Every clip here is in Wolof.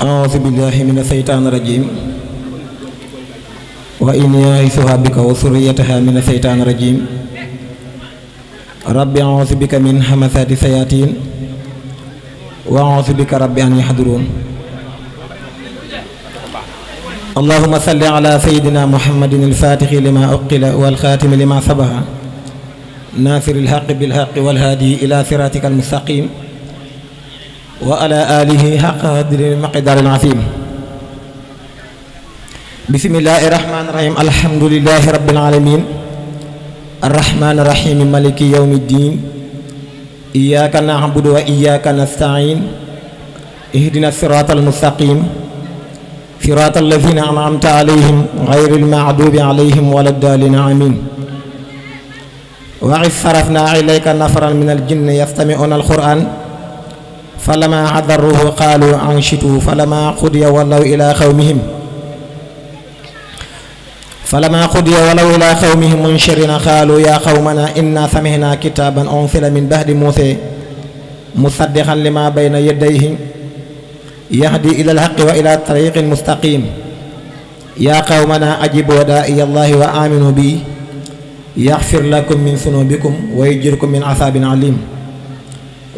أعوذ بالله من الشيطان الرجيم وإني أعيذها بك وذريتها من الشيطان الرجيم رب أعوذ بك من همزات الشياطين وأعوذ بك رب أن يحضرون اللهم صل على سيدنا محمد الفاتح لما أقل والخاتم لما سبق ناصر الحق بالحق والهادي إلى صراطك المستقيم wa ala alihi haq qadri maqdaril azim bismillahi rahmani rahim alhamdulillahi rabbil alamin arrahmani rahim maliki yawmiddin iyyaka na'budu wa iyyaka nasta'in ihdina siratal mustaqim siratal ladzina an'amta alayhim ghayril maghdubi alayhim waladdallin amin wa iz sarafna ilayka nafaran minal jinni yastami'una alquran فلما عذروه قالوا أنشدوا فلما قضي ولوا إلى قومهم فلما قضي ولوا إلى قومهم منشرين قالوا يا قومنا إنا سمعنا كتابا أنزل من بعد موسى مصدقا لما بين يديه يهدي إلى الحق وإلى طريق مستقيم يا قومنا أجيبوا داعي الله وآمنوا به يغفر لكم من ذنوبكم ويجركم من عذاب عليم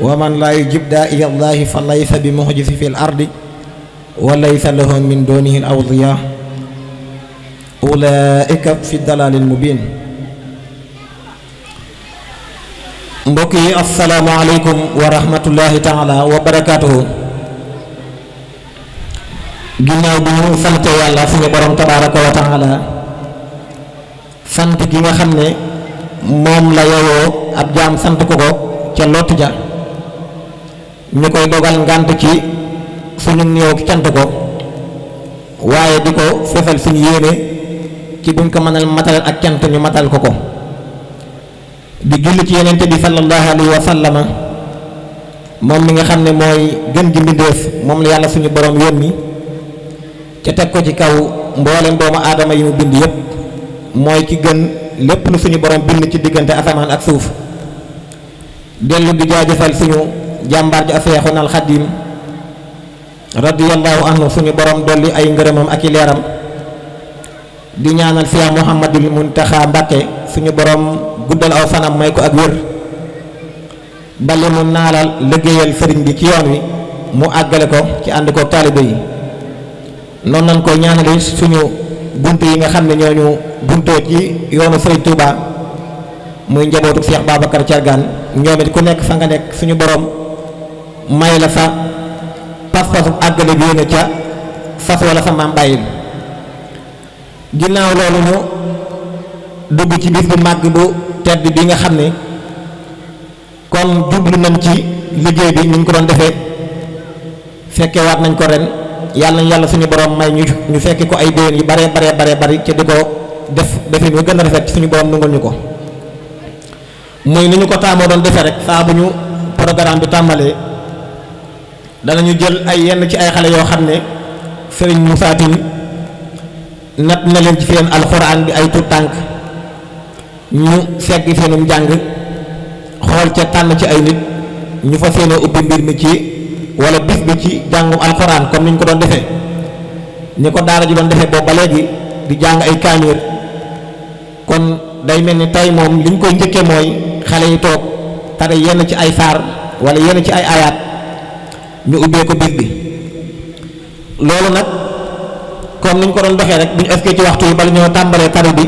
wa man laa yujib daa'iya llaahi fa laysa bi mu'jizi fil ardi wa laysa lahu min duunihi awliyaa ulaa'ika fi dalaalin mubiin mbokk yi assalaamu aleykum wa rahmatullaahi taala wa barakaatuhu ginnaaw bi ñu sant yàlla suñu borom tabaaraka wa taala sant ki nga xam ne moom la yowoo ab jaam sant ko ko ca lott ja ñu koy dogal ngànt ci suñu néew cant ko waaye di ko fesal suñu yéene ci buñ ko mënal matal ak cant ñu matal ko ko di julli ci yenente bi sallallahu alayhi wa sallama moom mi nga xam ne mooy gën gi mbindéef moom la yàlla suñu borom yónni ca teg ko ci kaw mboolem doomu aadama yi mu bind yépp mooy ci gën lépp lu suñu borom bind ci diggante asamaan ak suuf dellu di jaajëfal suñu jàmbaar ju afeexoon alxadim radiyallahu anhu suñu borom dolli ay ngërëmam ak i leeram di ñaanal Seex Muhammadul Muntaxa Mbàkke suñu borom guddal aw fanam may ko ak wér ba li mu naalal liggéeyal sëriñ bi ci yoon wi mu àggale ko ci ànd ko taalibe yi noonu nañ koy ñaanale suñu bunt yi nga xam ne ñoo ñu buntoo ci yoonu sëriñ Touba muy njabootu Seex Babacar Thiargane ñoom it ku nekk fa nga nekk suñu borom. may la sa pas-pasu àggale yéene ca fas wala sa maam bàyyil ginnaaw loolu ñu dugg ci bis bu màgg bu tedd bi nga xam ne kon jublu nañ ci liggéey bi ni ñu ko doon defee fekkee waat nañ ko ren yàlla na yàlla suñu borom may ñu ñu fekke ko ay déwén yu bare bare bare bari ci di ko def defin wu gën a rafet suñu borom nungul ñu ko muy ni ñu ko taamoo doon defee rek saa bu ñu programme bi tàmbalee danañu jël ay yenn ci ay xale yoo xam ne sëriñ Moussa natt nat na leen ci seen alxuraan bi ay tuut tànk ñu segg seenum jàng xool ca tànn ci ay nit ñu fa seenoo ubbi mbir mi ci wala bis bi ci jàngum alxuraan comme ni ñu ko doon defe ñu ko daara ji doon defee boobu ba léegi di jàng ay kaamir kon day mel ni tey moom li ñu koy njëkkee mooy xale yi toog tare yenn ci ay saar wala yenn ci ay ayaat ñu ubbee ko biig bi loolu nag comme ni ñu ko doon doxee rek bu ñu ëskee ci waxtu yi bala ñoo tàmbalee tari bi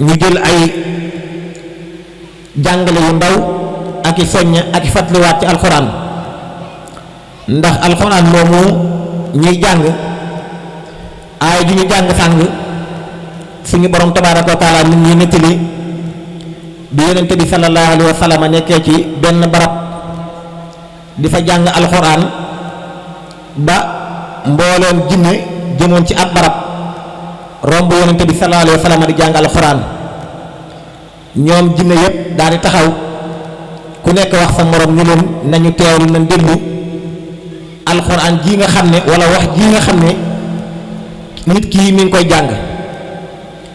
ñu jël ay jàngale yu ndaw ak i soññ ak i fàttaliwaat ci alxuraan ndax alxuraan moomu ñuy jàng aay ju ñu jàng sàng suñu borom tabaaraka wa taala nit ñi nettali bi yonente bi sallallahu alayhi wa sallam nekkee ci benn barab di fa jàng alxuraan ba mbooleem jinne jëmoon ci ab barab romb yonente bi sallallahu alayhi wa sallam di jàng alxuraan ñoom jinne yépp daal taxaw ku nekk wax sa moroom ni leen nañu teewlu nañ alxuraan ji nga xam ne walla wax ji nga xam ne nit kii mi ngi koy jàng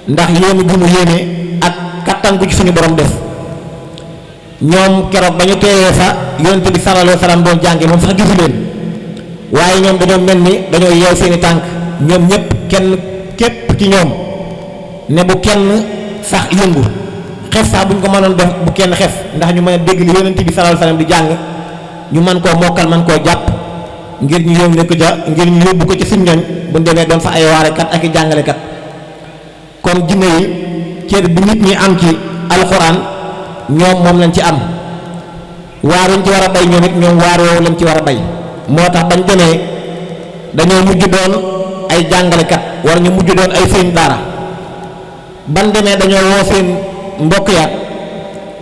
ndax yéene gi mu yéene ak kattan gu ci suñu borom def ñoom keroog ba ñu teewee fa yonent bi sallallahu alayhi wa sallam doon jànge moom sax gisu leen waaye ñoom dañoo mel ni dañoo yeew seeni tànk ñoom ñépp kenn képp ci ñoom ne bu kenn sax yëngu xef sax bu ñu ko mënoon def bu kenn xef ndax ñu mën dégg li yonent bi sallallahu alayhi wa jàng ñu mën koo mokkal mën koo jàpp ngir ñu yóbbu ko ja ngir ñu yóbbu ko ci suñ ñoñ bu ñu demee doon fa ay waarekat ak i jàngalekat kon jinne yi cër bi nit ñi am ci alxuraan. ñoom moom lañ ci am waaruñ ci war a bay ñoom it ñoom waar woowu lañ ci war a bay moo tax bañ demee dañoo mujj doon ay jàngalekat war ñu mujj doon ay sëñ daara ban demee dañoo woo seen mbokk yaat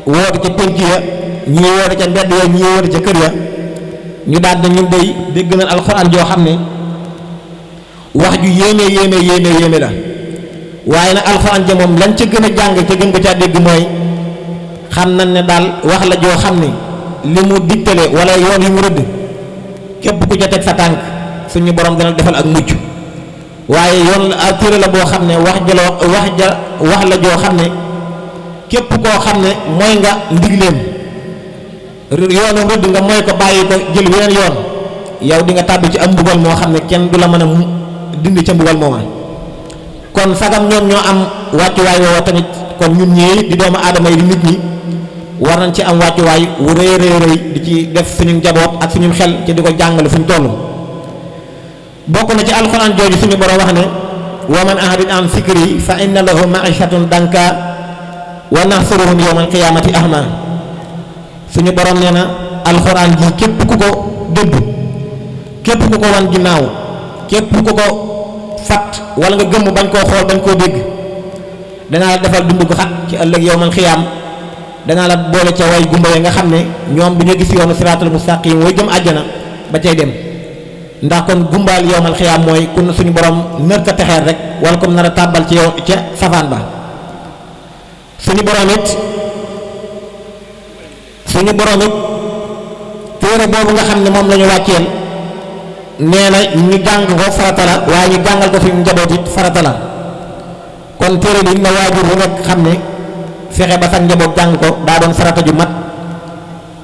woote ca pénc ya ñii woote ca mbedd ya ñii woote ca kër ya ñu daal dañu dey dégg nañ alxuraan joo xam ne wax ju yéeme yéeme yéeme yéeme la waaye nag alxuraan ja moom lañ ca gën a jàng ca gën ko caa dégg mooy xam na ne daal wax la joo xam ne li mu digtale wala yoon yi mu rëdd képp ku ca teg sa tànk suñu borom dana defal ak mujj waaye yoon la téere la boo xam ne wax jaloo wax ja wax la joo xam ne képp koo xam ne mooy nga ndigleem yoonu rëdd nga mooy ko bàyyi ko jël weneen yoon yow di nga tàbbi ci am mbugal moo xam ne kenn du la mën a dindi ca mbugal mooma kon sagam ñoom ñoo am wàccuwaay woowa tamit kon ñun ñii di doomu aadama yi nit ñi war nañ ci am wàccuwaay wu rëy rëy rëy di ci def suñu njaboot ak suñu xel ci di ko jàngale fuñ toll bokk na ci alxuraan jooju suñu borom wax ne wa man ahrid an sikri fa inna lahu maichatun danka wa nahsuruhum yowma alqiyamati ahma suñu borom nee na alxuraan ji képp ku ko dëdd képp ku ko wan ginnaaw képp ku ko fat wala nga gëmm bañ koo xool bañ koo dégg danaa la defal dund gu xat ci ëllëg yowma alqiyam danaa la boole ca way gumba ya nga xam ne ñoom bi ñu gis yoonu siraatal mustaqim way jëm àjjana ba cay dem ndax kon gumbaal yowmal xiyaam mooy kun suñu borom nar ka texeer rek wala comme nar a tàbbal ci yow ca safaan ba suñu borom it suñu borom it téere boobu nga xam ne moom lañu ñu wàcceel nee na ñu jàng ko farata la waaye ñu jàngal ko suñu njaboot it farata la kon téere bi na waajur bu nekk xam ne. fexe ba sax njaboot jàng ko daa doon farata ju mat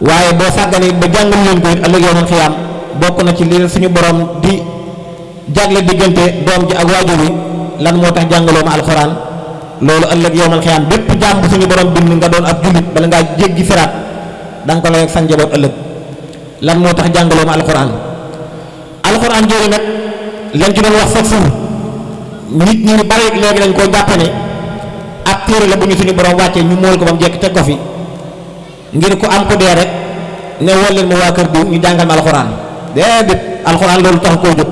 waaye boo sàgganee ba jàngul leen ko it ëllëg yoonu xiyaam na ci li suñu borom di jagle diggante doom ji ak waajur wi moo tax jàngaloo ma alxuraan loolu ëllëg yowmal xiyaam bépp jàmm suñu borom bind nga doon ab jullit bala ngaa jéggi siraat da nga ko layoog sa njaboot ëllëg lan moo tax jàngaloo ma alxuraan alxuraan jooju nag lañ ci doon wax sax suuf nit ñi bari léegi dañ koo jàppane ab téere la bu ñu suñu borom wàccee ñu mool ko ba mu jekk teg ko fi ngir ku am ku dee rek ne woon leen ma waa kër diw ñu jàngal ma alxuraan déedéet alxuraan tax koo jóg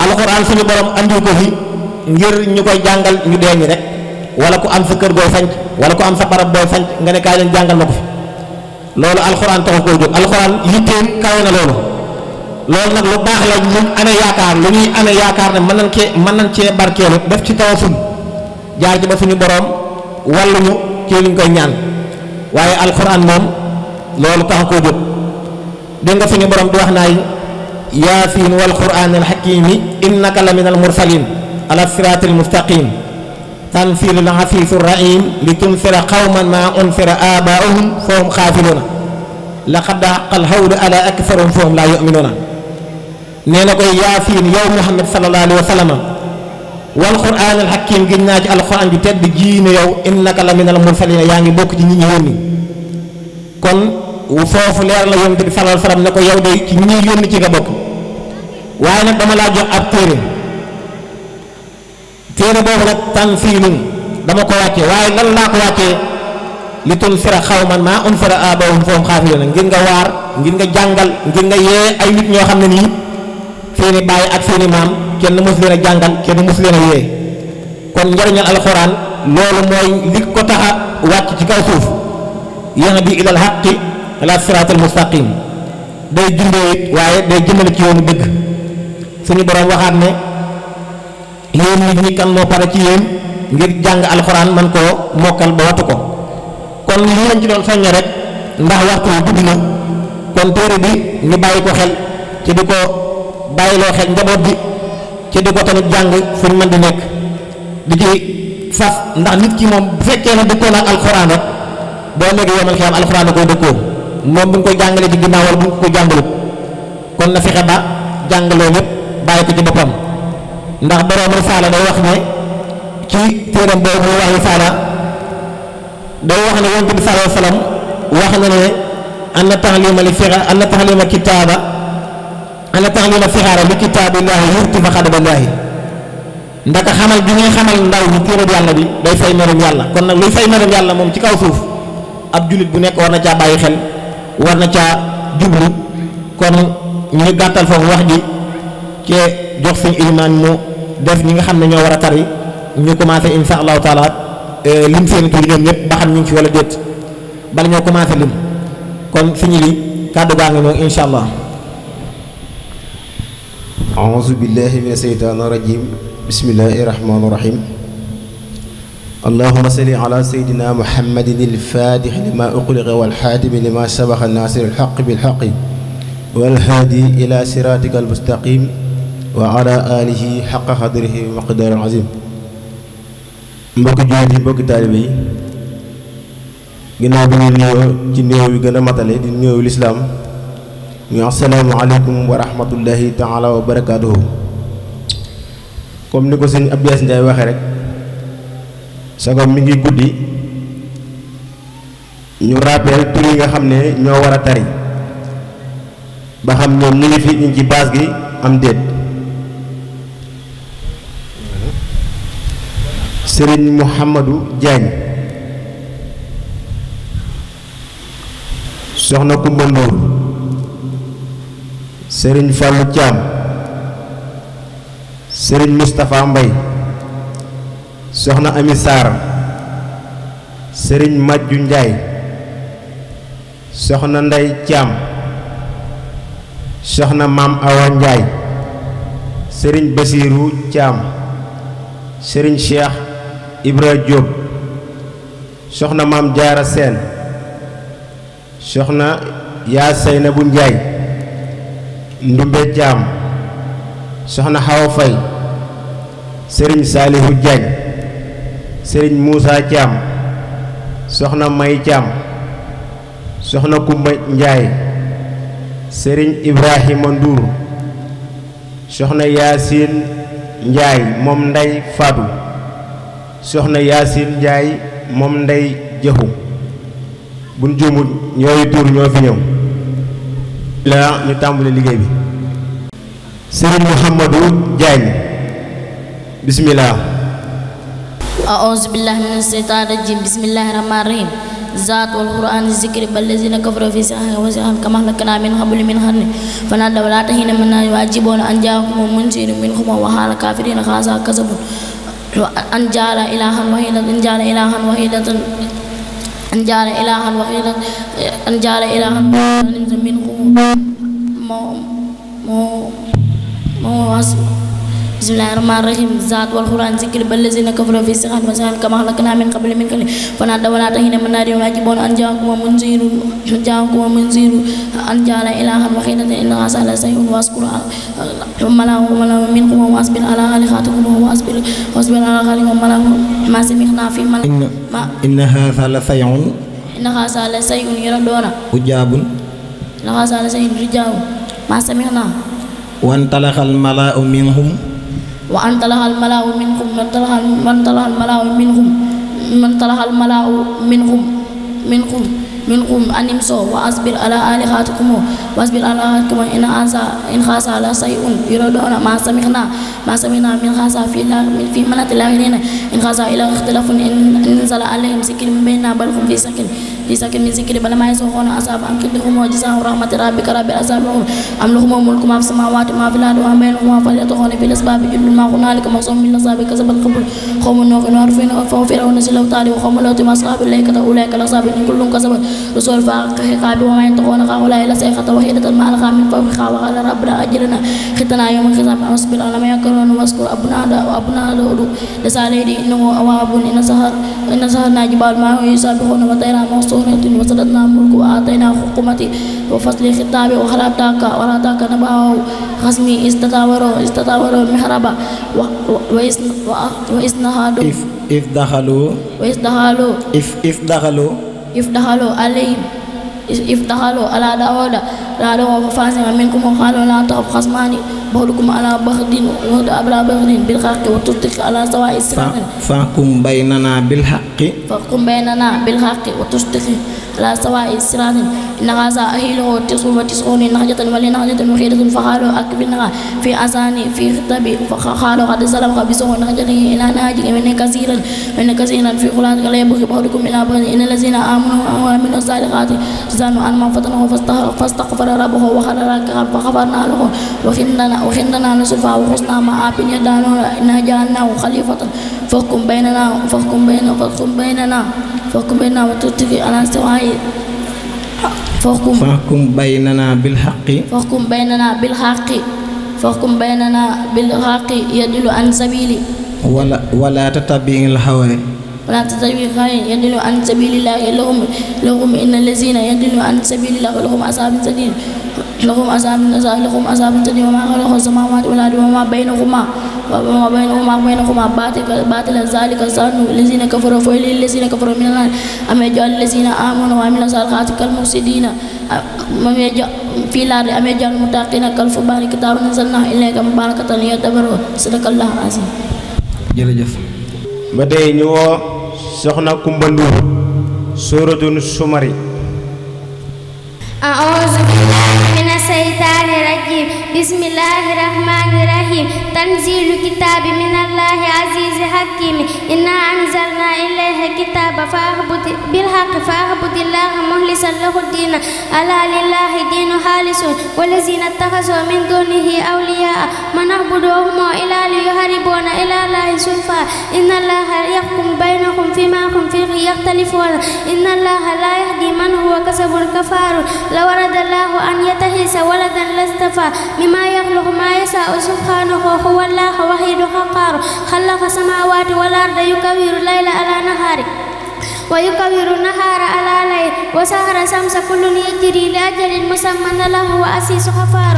alxuraan suñu borom andiw ko fi ñu koy jàngal ñu dee ñi rek wala ku am kër booy sanc wala ku am sa barab booy sanc nga ne kaay ma fi loolu alxuraan tax koo jóg alxuraan yitteem kawe na loolu loolu nag lu baax la ñu amee yaakaar lu ñuy amee yaakaar ne mën nañ cee mën nañ cee barkeelu def ci tawassul jaar ci ba suñu boroom walluñu ci liñ koy ñaan waaye alxuraan moom loolu tax koo nga suñu boroom di wax naay yaasiin wal quraan al xakiimi innaka la min al mursaliin ala siraati al mustaqiim tansiilu al asiisu rahiim li tunsira qawman maa unsira aabaa'uhum fa hum xaafiluuna laqad haqqal qawlu alaa aksarihim fa hum laa yu'minuuna nee na koy yaasiin yow Muhammad sallallaahu alayhi wa sallam wal quraan al hakim giñ naa ci alxuraan ju tedd ji ne yow innaka la minal mursalina yaa ngi bokk ci ñi ñu yónni kon foofu leer la yonent bi salal salam ne ko yow de ci ci nga bokk waaye nag dama laa jox ab téere téere boobu nag tansiilun dama ko wàcce waaye lan laa ko wàccee li tunzira qawman maa unzira aabaa'uhum fahum gaafiluun ngir nga waar ngir nga jàngal ngir nga yee ay nit ñoo xam ne nii seeni baay ak seeni maam kenn mosu leen a jàngal kenn mosu leen a yee kon njariñal alxuraan loolu mooy li ko tax a wàcc ci kaw suuf yahdi ilal haqqi ala siraatal mustaqim day jundee it waaye day jëmale ci yoonu dëgg suñu borom waxaat ne yéen nit ñi kan moo pare ci yéen ngir jàng alxuraan man koo mokkal ba wattu ko kon lii lañ ci doon soññe rek ndax waxtu wu gudd kon téere bi ñu bàyyi ko xel ci di ko bàyyiloo xel njaboot bi ca di ko tamit jàng fu ñu di nekk di ci fas ndax nit ki moom bu fekkee ne dëkkoo nag alxuraan rek boo léegi yomal xiyam alxuraan da koy dëkkoo moom bu ñu koy jàngalee ci ginnaaw wala bu ñu ko jàngalut kon na fexe ba jàngaloo ñëpp bàyyi ko ci boppam ndax borom risaala day wax ne ci téeram boobu muy wax risaala day ne yonent bi sallallahu alayhi wa sallam wax na tax anna taxlima li fira anna taxlima kitaaba la taxliila fixaara li kitaabillahi yurtifa xadaballahi ndaka xamal bi ngay xamal ndaw ñi téereb yàlla bi day fay merum yàlla kon nag luy fay merum yàlla moom ci kaw suuf ab jullit bu nekk war na caa bàyyi xel war na caa jublu kon ñu gàttal foofu wax ji ci jox suñu ilimaan mu def ñi nga xam ne ñoo war a tari ñu commencé insha allahu taala eh, lim seen tur ñoom ñëpp ba xam ñu ngi ci wala déet bala ñoo commencé lim kon suñu li kàddu gaa ngi moom allah أعوذ بالله من الشيطان الرجيم بسم الله الرحمن الرحيم اللهم صل على سيدنا محمد الفاتح لما أغلق والحاتم لما سبق الناصر الحق بالحق والهادي إلى صراطك المستقيم وعلى آله حق قدره ومقدار العظيم mbokk jullit yi mbokk taalibe yi ginnaaw bi ñu nuyoo ci néew yu gën a matale di néew lislaam ñu asalaamaaleykum wa rahmatullahi taala wa barakaatuhu comme ni ko sëñ Abdias Ndiaye waxee rek sagom mi ngi guddi ñu rappel tur yi nga xam ne ñoo war a tari ba xam ñoom ñu ngi fi ñu ci baas gi am déet sëriñ Mouhamadou Diagne soxna Kumba sëriñ Fallou Thiam sëriñ Moustapha Mbay soxna Ami Sarr sëriñ Majju Njaay soxna Ndey Thiam soxna Maam Awa Njaay sëriñ Basiiru Thiam sëriñ Cheikh Ibra Diop soxna Maam jaar Jaara Seen soxna Yaa Seynabu Njaay ndumbe jaam soxna xawa fay sëriñ saalihu Diagne sëriñ Moussa Thiam soxna may Thiam soxna kumba njaay sëriñ ibrahima nduur soxna yaasin njaay moom ndey fadu soxna yaasin njaay moom ndey jëxu buñ ñooyu tuur ñoo fi ñëw la ñu tàmbali liggéey bi Serigne Mouhamadou Diagne bismillah أعوذ بالله من الشيطان الرجيم بسم الله الرحمن الرحيم ذات والقرآن الذكر بل الذين كفروا في سعه وسعهم كما أهلكنا من قبل من قرن فنادوا لا تهين من يعجبون أن جاءهم منذر منهم وحال الكافرين خاصة كذب أن جعل إلها وحيدا أن جعل إلها وحيدا أن جعل إلها واحدا أن جعل إلها واحدا منه مو مو مو bismillahi rahmani rahim zaat wal quran zikri bal lazina kafaru fi sixan wa saxan kama xalaqna min qabli min kali fana dawala tahina man nadi wa jibon an jaakum munziru jaakum munziru an jaala ilahan wa khilatan inna asala sayun waskur malahu malahu min qum wasbir ala khaliqatikum wa wasbir wasbir ala khaliqum malahu ma sami'na fi mal inna hadha la sayun inna hadha la sayun yuraduna ujabun inna hadha la sayun rijaw ma sami'na وانطلق الملأ منهم wa an talaxal malaawu minhum man talaxal man talaxal malaawu minhum man talaxal malaawu minhum minhum minhum anim soo wa asbir ala alixaatikumoo wa asbir ala alixaatikumoo in xaasa in xaasa la sayun yuradoona ma samixna ma samixna min xaasa fi la fi manati laaxirina in xaasa ila ixtilafun in zala alayhim sikil bayna bal hum fi sakin diisaka min zikri bala maa yasoxoona asaabu an kiddi xumoo jisaahu rahmati rabbika rabbil asaabi xum am lu xumoo mulku maa fi samaawaati maa fi laadu waa mbayna xumaa fal yatoxoona fi lasbaabi jullul maa hunaalika maxsum min nasaabi kasabat xubul xawmu nooxi noor fi na faw fi rawna si law taali wa xawmu lawti maa asaabi laykata ulayka lasaabi ni kullum kasabat rasul faa xiqaabi wa سهرة وسلطنا ملك وآتينا حكمتي وفصل خطابي وخرابتاك وراتاك نباه خصمي استطاوروا استطاوروا محربا وإسنهادوا إف إف دخلوا وإس دخلوا إف إف دخلوا إف دخلوا عليهم إذ دخلوا على داود قالوا ففزع منهم وقالوا لا تخف خصمان بغضكم على بغض وبغض على بغض بالحق وتصدق على سواء الصراط فاحكم بيننا بالحق فاحكم بيننا بالحق وتصدق على سواء صراط إن هذا أهله تسع وتسعون نهجة ولنهجة وحيدة فقالوا أكبرنها في أذان في خطاب فقالوا قد سلم خبزه نهجته إلى نهجه من كثيرا من كثيرا في قرآن لا يبغي بعضكم إلى بعض إن الذين آمنوا وعملوا الصالحات زانوا عن ما فتنه فاستغفر ربه وخر راكعا فغفرنا له وخندنا وخندنا نصفا وخصنا مع بن يدانا إنا جعلناه خليفة فاحكم بيننا فاحكم بيننا فاحكم بيننا فاحكم بيننا وتتقي على سواء فاحكم فاحكم بيننا بالحق فاحكم بيننا بالحق فاحكم بيننا بالحق يدل عن سبيلي ولا ولا تتبع الهوى ولا تتبع الهوى يدل عن سبيل الله لهم لهم ان الذين يدل عن سبيل الله لهم عذاب شديد لهم عذاب لهم عذاب شديد وما خلق السماوات والارض وما بينهما وما بينهما وبينهما باطلا ذلك الظن الذين كفروا فويل للذين كفروا من النار أما يجعل الذين آمنوا وعملوا الصالحات كالمفسدين في الأرض أما يجعل المتقين كالفجار كتاب أنزلناه إليك مبارك ليدبروا صدق الله العظيم jërëjëf ba tey ñu woo soxna Kumba Ndour sóoratun Sumari bismillahi rahmani rahim tanzilu kitaabi minallahi azizi hakimi inna anzalna ilayka kitaaba faabudi bilhaqi faabudillaha muhlisan lahu diina ala lillahi diinu xaalisun walazina taxasoo min dunihi awliyaa manahbuduhumoo ilaa liyuhariboona ilaa lahi zulfa inna allaha yaxkum baynahum fima hum fihi yaxtalifoona inna allaha laa yahdi man huwa kasabun kafaaru la warada allahu an yatahisa waladan lastafa لما يخلق ما يشاء سبحانه هو الله وحيد قهار خلق السماوات والأرض يكبر الليل على نهاره ويكبر النهار على ليل وسهر الشمس كل يجري لأجل مسمى له وأسيس غفار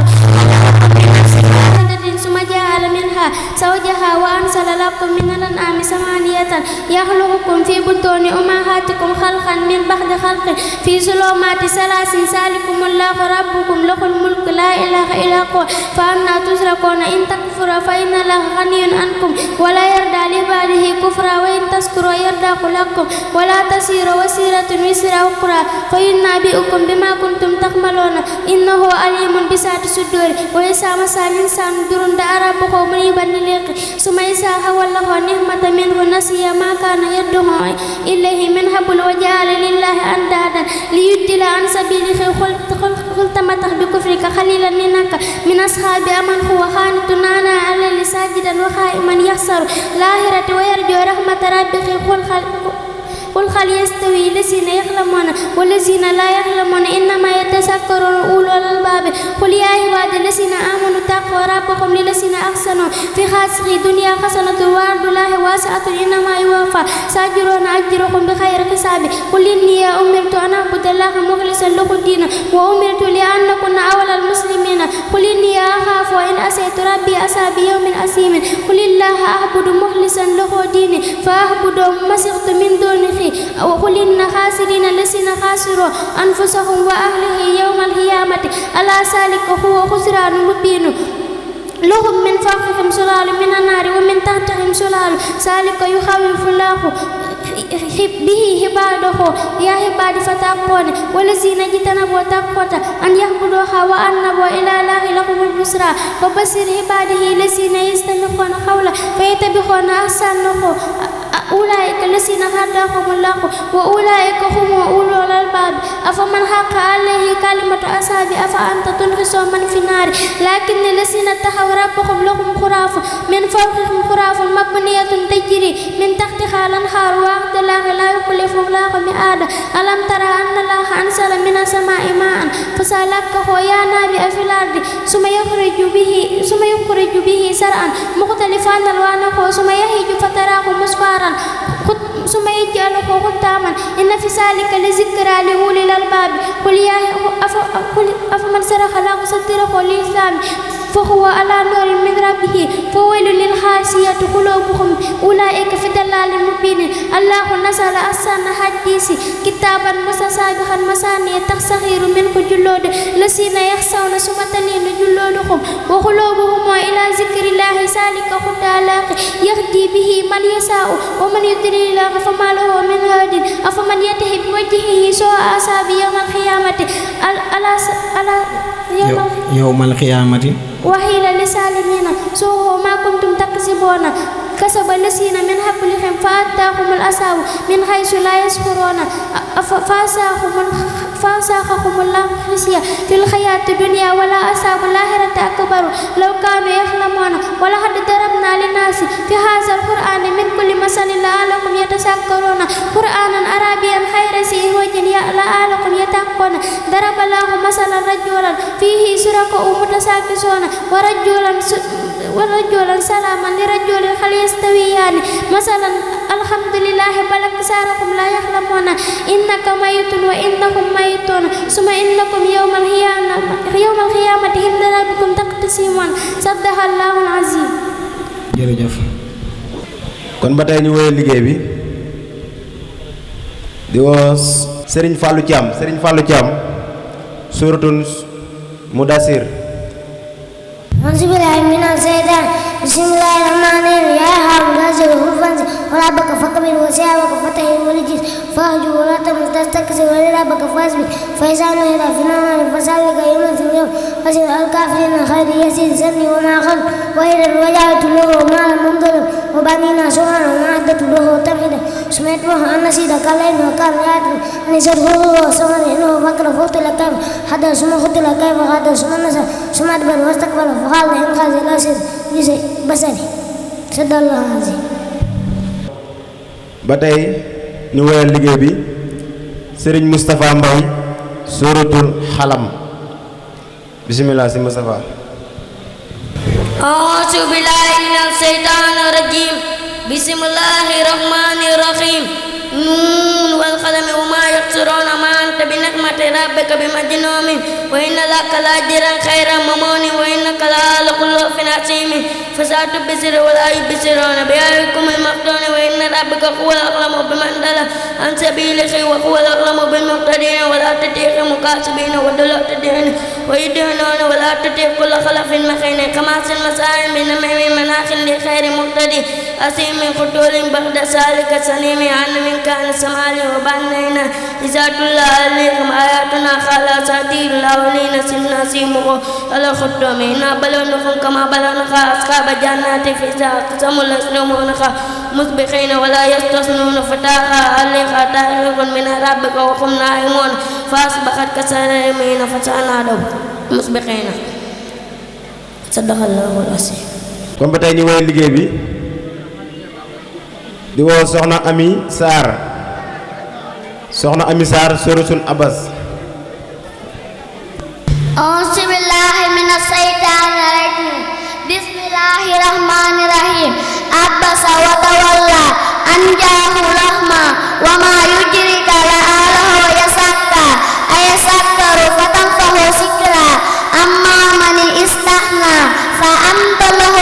ثم جعل منها زوجها وأنزل لكم من الأنعام ثمانية يخلقكم في بطون أمهاتكم خلقا من بعد خلق في ظلمات ثلاث ذلكم الله ربكم له الملك الملك لا إله إلا هو فأنى تشركون إن تكفروا فإن الله غني عنكم ولا يرضى لعباده كفرا وإن تشكروا يرضه لكم ولا تسير وسيرة وزر أخرى فينبئ بكم بما كنتم تعملون إنه عليم بذات الصدور وإذا مس الإنسان ضر دعا ربه منيبا إليه ثم إذا خوله نعمة منه نسي ما كان يدعو إليه من قبل وجعل لله أندادا ليضل عن سبيله خلقه قلت متخ بكفرك خليلا منك من أصحاب أمن هو خانت نانا على ساجدا وخائما يخسر لاهرة ويرجو رحمة ربك قل هل يستوي الذين يعلمون والذين لا يعلمون إنما يتذكر أولو الألباب قل يا عباد الذين آمنوا اتقوا ربكم للذين أحسنوا في هذه الدنيا حسنة وأرض الله واسعة إنما يوفى سأجرون أجركم بخير حساب قل إني أمرت أن أعبد الله مخلصا له الدين وأمرت لأن أكون أول المسلمين قل إني أخاف وإن أسيت ربي أسى بيوم أسيم قل الله أعبد مخلصا له ديني فأعبد ما شئت من دونه وقل إن خاسرين الذين خاسروا أنفسهم وأهلهم يوم القيامة ألا ذلك هو خسران مبين لهم من فوقهم سلال من النار ومن تحتهم سلال ذلك يخوف الله به عباده يا عبادي فتقون والذين اجتنبوا تقوة أن يعبدوها وأنبوا إلى الله لهم البشرى وبشر عباده الذين يستمعون قولا فيتبعون أحسنه أولئك الذين هداهم الله وأولئك هم أولو الألباب أفمن حق عليه كلمة أصحاب أفأنت تنقص من في النار لكن الذين اتقوا ربهم لهم خراف من فوقهم خراف مبنية تجري من تحتها الأنهار وعد الله لا يخلف الله ميعادا ألم ترى أن الله أنزل من السماء ماء فسلكه ينابع في الأرض ثم يخرج به ثم يخرج به زرعا مختلفا ألوانه ثم يهيج فتراه مصفرا ثم يجعله خطاما إن في ذلك لذكرى لأولي الألباب قل يا أفمن سرق له صدره للإسلام فهو على نور من ربه فويل للخاسية قلوبهم أولئك في ضلال مبين الله نزل أحسن حديث كتابا متشابها مثانية تقشعر منه جلود الذين يخشون ثم تلين جلودهم وقلوبهم إلى ذكر الله ذلك هدى الله يهدي به من يشاء ومن يضلل الله فما له من هاد أفمن يهتدي بوجهه سوء عذاب يوم القيامة ألا يوم القيامة وحيل للسالمين سوء ما كنتم تكسبون كسب الذين من قبلهم فأتاهم العذاب من حيث لا يشعرون فاساقهم الله خزي في الحياة الدنيا ولا أصحاب الآخرة أكبر لو كانوا يعلمون ولقد ضربنا للناس في هذا القرآن من كل مثل لعلهم يتذكرون قرآنا عربيا غير ذي عوج لعلهم يتقون ضرب الله مثلا رجلا فيه شركاء متشاكسون ورجلا ورجولا سلاما لرجل هل يستويان مثلا الحمد لله بل أكثرهم لا يعلمون إنك ميت وإنهم ميتون ثم إنكم يوم القيامة يوم القيامة عند ربكم تقتسمون صدق الله العظيم jërëjëf kon ba tey ñu woyee liggéey bi di woo Serigne Fallou Thiam Serigne Fallou Thiam suuratun Mudassir أعوذ بالله من الشيطان bismillaahi rahmaani rahiim yaa haaru naazilhu fanzil wa rabbaka fakbir wa siyaabaka fatahhir wa rijza fahjur wa laa tamnun tastakthir wa li-rabbika fasbir fa izaa nufira fi n-naari fasabbih yawma idhin wasil al-kaafiriina ghayra yasiir zanni wa maa xal wa idaa l-wajaa'atu lahu maalun mamduudan wa baniina shuhuudan wa ma'addatu lahu tamhiidan سمعته عن نشيد قليل وكان يأتي نشد هو صمد إنه فكر فقتل كيف حدث ثم قتل كيف حدث ثم نسى ثم أدبر واستقبل فقال إن خازي الأسد ba tey ñu wéyal liggéey bi sëriñ Moustapha Mbaye suuratul xalam bismillah si Moustapha auzu billahi mina rajiim bismillahi rahmaani rahiim نون والقلم وما يبصرون ما أنت بنعمة ربك بمجنون وإن لك لأجرا غير ممنون وإنك لعلى خلق عظيم فستبصر ولا يبصرون بأيكم المفتون وإن ربك هو الأعلم بمن ضل عن سبيله وهو الأعلم بالمهتدين ولا تطع المكذبين ولا تدعن ويدعنون ولا تطع كل خلف مكين كما المسائل من من مناخ لخير مهتدي أسيم من قتول بعد سالك سليم عن منك كان السماء وبنينا إذا تلا عليهم آياتنا خلا ساتير الأولين سمنا سيمه على خدمنا بلونهم كما بلونها أصحاب جنات فإذا أقسموا ليسلمونها مسبحين ولا يستصنون فتاها عليها تاريخ من ربك وهم نائمون فأصبحت كسرمين فتنادوا مسبحين صدق الله العظيم kon ba tey ñu woy liggéey bi di woo soxna ami Sarr soxna ami Sarr suratul abas auzu billahi mina saytaani rajim bismillahi rahmani rahim abasa wa tawalla an jaahu rahma wa ma yudrika la'allahu yasakka ayasakkaru fatanfahu sikra amma man istahna fa anta lahu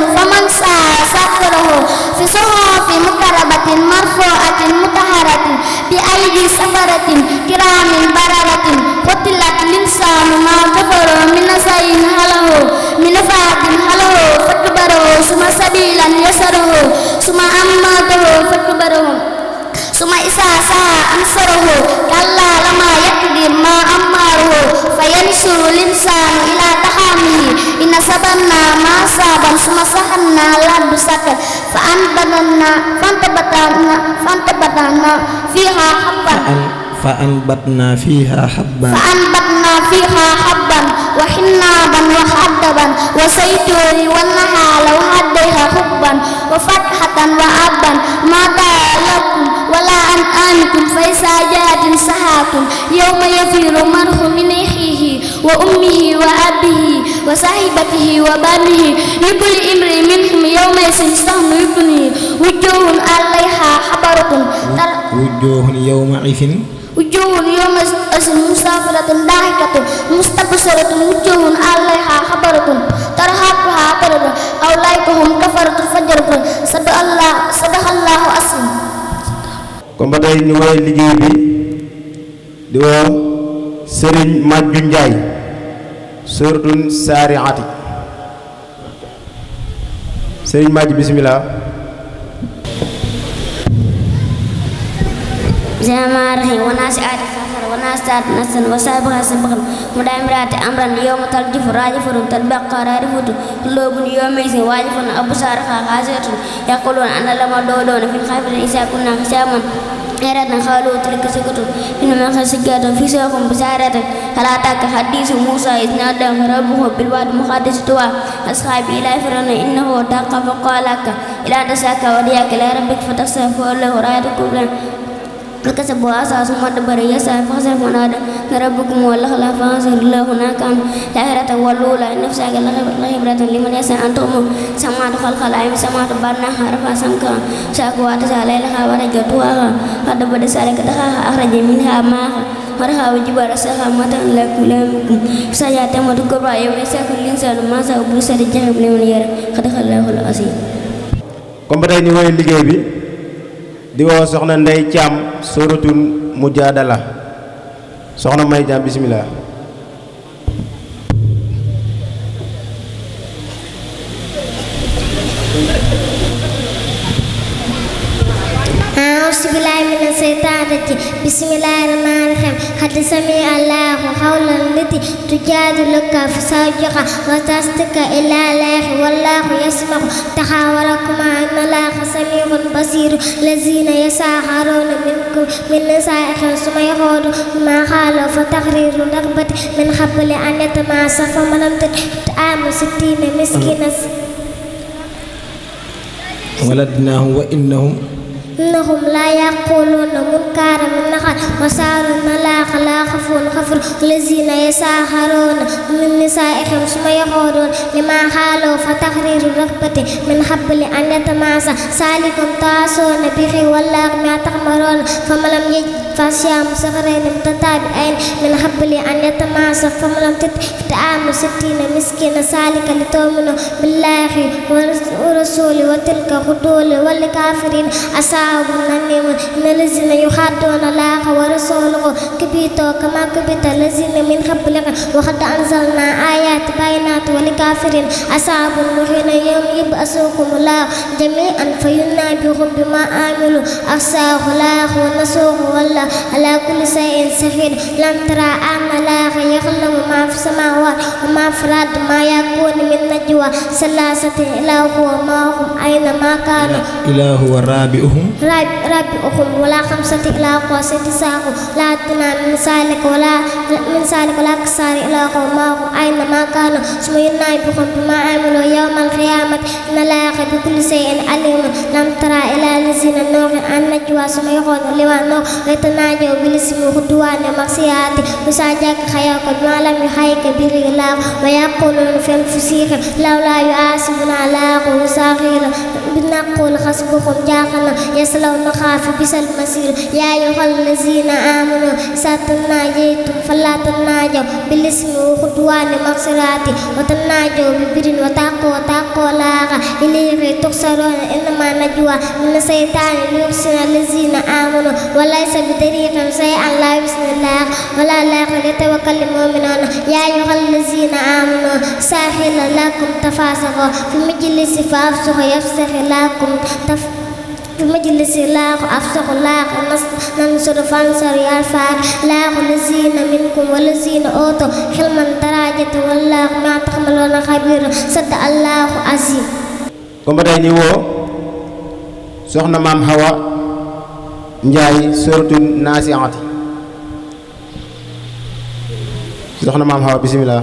فمن سعى سفره في صحف مكرمة مرفوعة مطهرة بأيدي سفرة كرام بررة قتلت الإنسان ما كفر من نسي هله من نفاق هله فكبره ثم سبيلا يسره ثم أماته فكبره suma isaa saa ansarahu kalla lama yaqdir ma ammaruhu fa yansuru linsanu ila taxamihi ina sabanna ma saban suma sahanna laddu sakkan fa anbatanna fantabatanna fantabatanna fiha habban fa anbatna fiha habban fa anbatna fiha habban وحنابا وحدبا وسيتور والنهال وهديها حبا وفتحة وعبا ما لكم ولا عن آنكم فإذا جاءت سحاكم يوم يفير مرح من أخيه وأمه وأبيه وصاحبته وبنيه لكل امرئ منهم يومئذ سهم يبنيه وجوه عليها حبرة وجوه يومئذ وجوه أسن مسافرة ضاحكة مستبصرة وجوه عليها خبرة ترهقها قرب أولئكهم كفرة فجرة صدق الله صدق الله أسن kon ba tey ñu woy liggéey bi di woo Serigne Majju Njaay surdun saariati Serigne Majju bismillah bismillah rahmaan rahim wa وناسات نسن وسائب حسن بخل مدامرات أمرا يوم تلجف راجفر تلبقى رارفت قلوب يوم يزن واجف أبصار خاغازة يقولون أنا لما دولون في الخافر إذا كنا خساما خيرة خالو تلك سكت إنما خسكات في سوق بسارة فلا تاك حديث موسى إذ نادى ربه بالواد مقدس توا أصحاب إلى فرعون إنه تاق فقالك إلى تساك وليك إلى ربك فتصرف له راية كبرى اكتسب وعسى ثم دبر يسعى فخسر فنادى ربكم والأخلى فانصر الله هناك عن الآخرة والأولى إن في ذلك لعبرة لمن يسعى أن تؤمن سمعت خلق العلم سمعت بأنها رفع سمكا ساقوا واتسع ليلها ورجع طواها قد بدا سالك دخاها أخرج منها ماها مرها وجب رسها متى لكم لكم سيأتي مد كبرى يوم يساق الإنسان ما سأبلس رجعه لمن يرى قد خلاه العظيم. kon ba tey ñu woy liggéey bi. di woo soxna ndey caam suratul mujaadala soxna may caam bismillah bismillaahi rahmaani rahiim xad sami allaahu xawla llati tujaadiluka fi zawjiha wa tastakiru ilaa llaahi wallaahu yasma'u taxaawurakumaa inna llaaha samii'un basiirun allaziina yasaaxaruuna minkum min nisaa'ihim summa yaxuuduuna bimaa qaaluu fa taxriiru raqabatin min qabli an yatamaassa faman lam yajid fa'itaamu sittiina miskiinan waladnaahum wa innahum إنهم لا يقولون منكرا من نخل وسار الملاك لا خفون خفر الذين يساهرون من نسائهم ثم يقولون لما حالوا فتحرير ركبة من حبل أن يتماسى سالك تاسون به والله ما تحمرون فما لم يجد فصيام صغرين متتابعين من حبل أن يتماسى فما لم تجد فطعام ستين مسكين سالك لتؤمنوا بالله ورسوله وتلك خدول والكافرين أسار الله النميم إن الذين يخادعون الله ورسوله كبيتوا كما كبت الذين من قبلهم وقد أنزلنا آيات بينات ولكافرين أصحاب المحيط يوم يبأسكم الله جميعا فينبئهم بما عملوا أحصاه الله ونسوه والله على كل شيء شهيد لم ترى أن الله يعلم ما في السماوات وما في الأرض ما يكون من نجوى ثلاثة إلا هو معهم أينما كانوا إلا هو رابئهم rabbi uxum wala xamsati ila xosati saaxu la tunaan min saalika wala min saalika wala kasaari ila maaxu ayna maakaano suma yunnaay bi ma amiloo yawmal xiyaamati na laaxe bi kulli shay'in alima lam tara ila lazina nooxi an najwa suma yoxoon liwa noox weta naajoo bilisimi xudduwaane bi ma lam wa yaquluun fen fu siixi lawlaa yu aasibuna laaxu saaxiira bi naqul xas buxum jaaxana يصلوا النخاع فبئس المصير يا أيها الذين آمنوا إذا تناجيتم فلا تناجوا بالإثم والعدوان والمعصية وتناجوا بالبر والتقوى واتقوا الله إليه تحشرون إنما النجوى من الشيطان ليحزن الذين آمنوا وليس بضرهم شيئا لا يحزن الله ولا الله يتوكل المؤمنون يا أيها الذين آمنوا سهل لكم تفاسقوا في مجلس فأفسحوا يفسح لكم تفاسقوا بمجلس الله أفسح الله ننصر فانصر يا الفاق الله الذين منكم والذين أوتوا حلما درجة والله ما تعملون خبير صد الله عظيم kon ba tey ñu woo soxna maam Hawa Njaay sortu naasiati soxna maam Hawa bisimilah.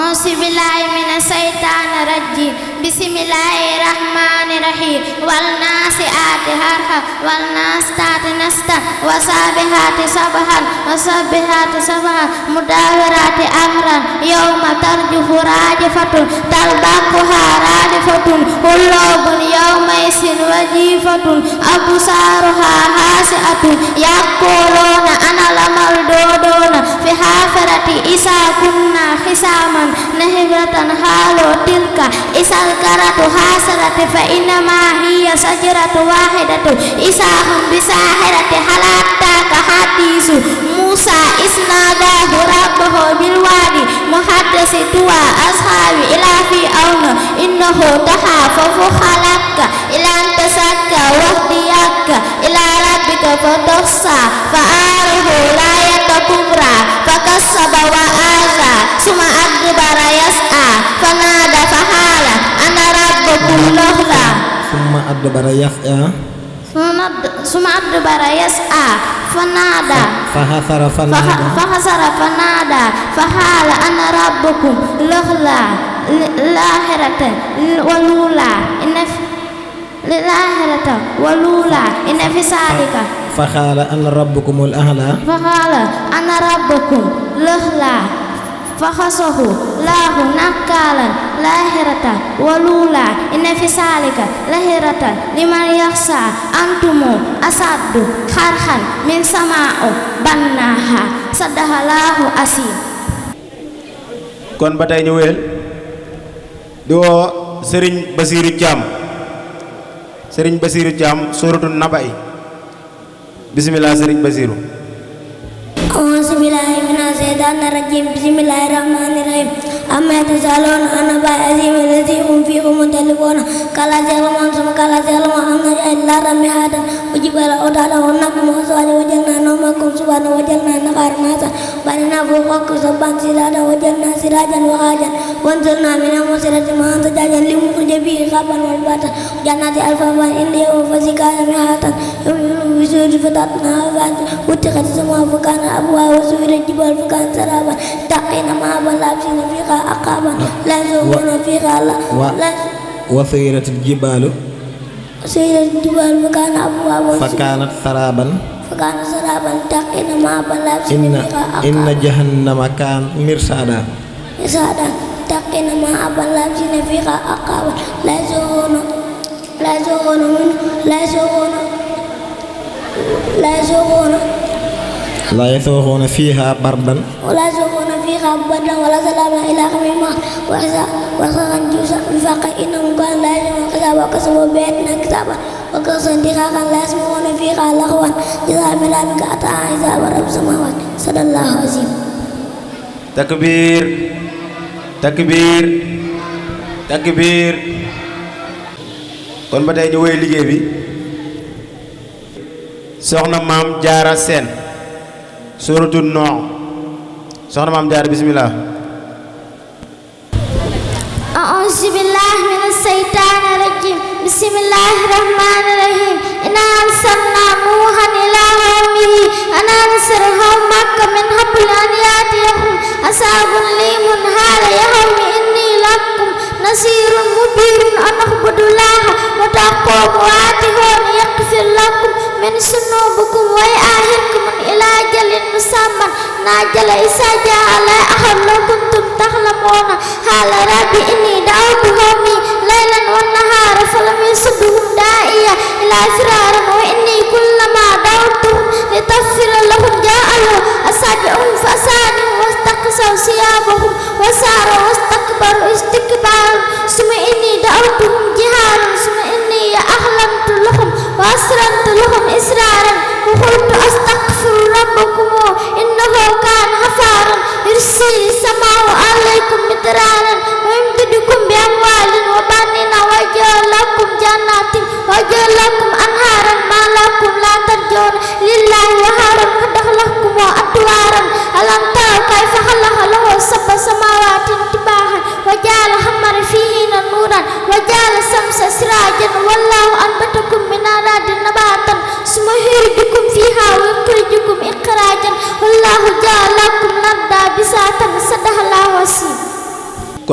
auzu billaahi mina saytaani rajiim bismillahi rahmani rahim wal naasiaati harha wal naastaati nasta wa saabihaati sabhan wa sabbihaati sabhan mudawiraati amran yawma tarjufu raajifatun talbaquha raadifatun qulubun yawma isin wajifatun absaaruha haasi'atun yaquluuna ana lamalduuduuna fi haafirati isaa kunna xisaaman nahibratan haalu tilka isaa منكرتها سرت فإنما هي شجرة واحدة إذا هم بساحرة هل أتاك حديث موسى إذ ناداه ربه بالوادي المقدس طوى أصحاب إلى فرعون إنه طغى فافعل إلى أن تزكى واهديك إلى ربك فتحصى فأعرض لا كبرى فكذب وآذى ثم أدبر يسعى فنادى فقال أنا ربكم الأعلى ثم أدبر يسعى ثم أدبر يسعى فنادى فحسر فنادى فحسر فنادى فقال أنا ربكم الأعلى الآخرة والأولى إن في للآخرة والأولى إن في ذلك فقال أنا ربكم الأعلى فقال أنا ربكم الأعلى فخصه الله نكالا لاهرة ولولا إن في ذلك لاهرة لمن يخشى أنتم أسد خرخا من سماء بناها صدق الله أسيم kon ba tey ñu wéyal di woo Serigne Basirou Thiam sëriñ basiiru Thiam suuratu nabay bismillah sëriñ basiiru auzu billaahi mina seytaani rajiim bismillaahi rahmaani أما يتساءلون عن نبأ العظيم الذي هم فيه مختلفون كلا سيعلمون ثم كلا سيعلمون أن إلى ربها وجب أولادهن وأزواجهن وجعلنا نومكم سبحا وجعلنا النهار ماسا بنينا فوقكم سبحا سراجا وجعلنا سراجا وهاجا وانزلنا من المسرة ماء ثجاجا لنخرج به حبا والباتا وجنات ألفافا إن يوم فزكايا مهاتا يميل الزهد فتاتنا أبان واتخذ السماء فكان أبوها وسوير الجبال فكان سرابا تقينا مابا لابسين فيها أقابا لا يذوقون فيها لا وسيرت الجبال سيرت الجبال فكان أبوها فكانت سرابا فكانت سرابا تقينا مابا لابسين فيها أقابا إن جهنم كان مرصادا مرصادا تقينا مابا لابسين فيها أقابا لا يذوقون لا يذوقون لا يذوقون لا يذوقون لا يذوقون فيها بردا ولا يذوقون فيها بردا ولا سلاما إلى حميم وصاغا جوسا وفاقا إنهم كانوا لا يجدون كتابا وكسبوا بيتنا كتابا وكسبوا انتخاقا لا يسمعون فيها لغوا جزاء من ربك أتاها حساب رب السماوات صدى الله عظيم تكبير تكبير تكبير kon ba tey ñu wéy liggéey bi soxna maam jaara seen suuratu noo soxna maam jaara bismillah أعوذ بالله من الشيطان الرجيم بسم الله الرحمن الرحيم إنا أرسلنا نوحا إلى قومه أن أنصر قومك من قبل أن يأتيهم عذاب أليم هذا يوم إني لكم نذير مبين أن اعبدوا الله وتقوا وآتوا يغفر لكم من سنوبكم ويأهلكم إلى أجل مسمى ناجل إذا جاء لا أحل كنتم تعلمون قال رب إني دعوت قومي ليلا والنهار فلم يصبهم داعيا إلى فرارا وإني كلما دعوتهم لتغفر لهم جاءوا أصابعهم فأسانهم واستقصوا ثيابهم وساروا واستكبروا استكبارا ثم إني دعوتهم جهارا ثم إني إني أحلمت لكم وأسررت لكم إسرارا وقلت أستغفر ربكم إنه كان غفارا يرسل السماء عليكم مدرارا ويمددكم بأموال وبنين ويجعل لكم جنات ويجعل لكم أنهارا ما لكم لا ترجون لله وهذا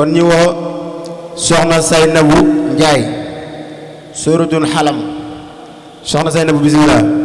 kon ni woo soxna Saynabu Njaay sóoratul xalam soxna Saynabu bisimilah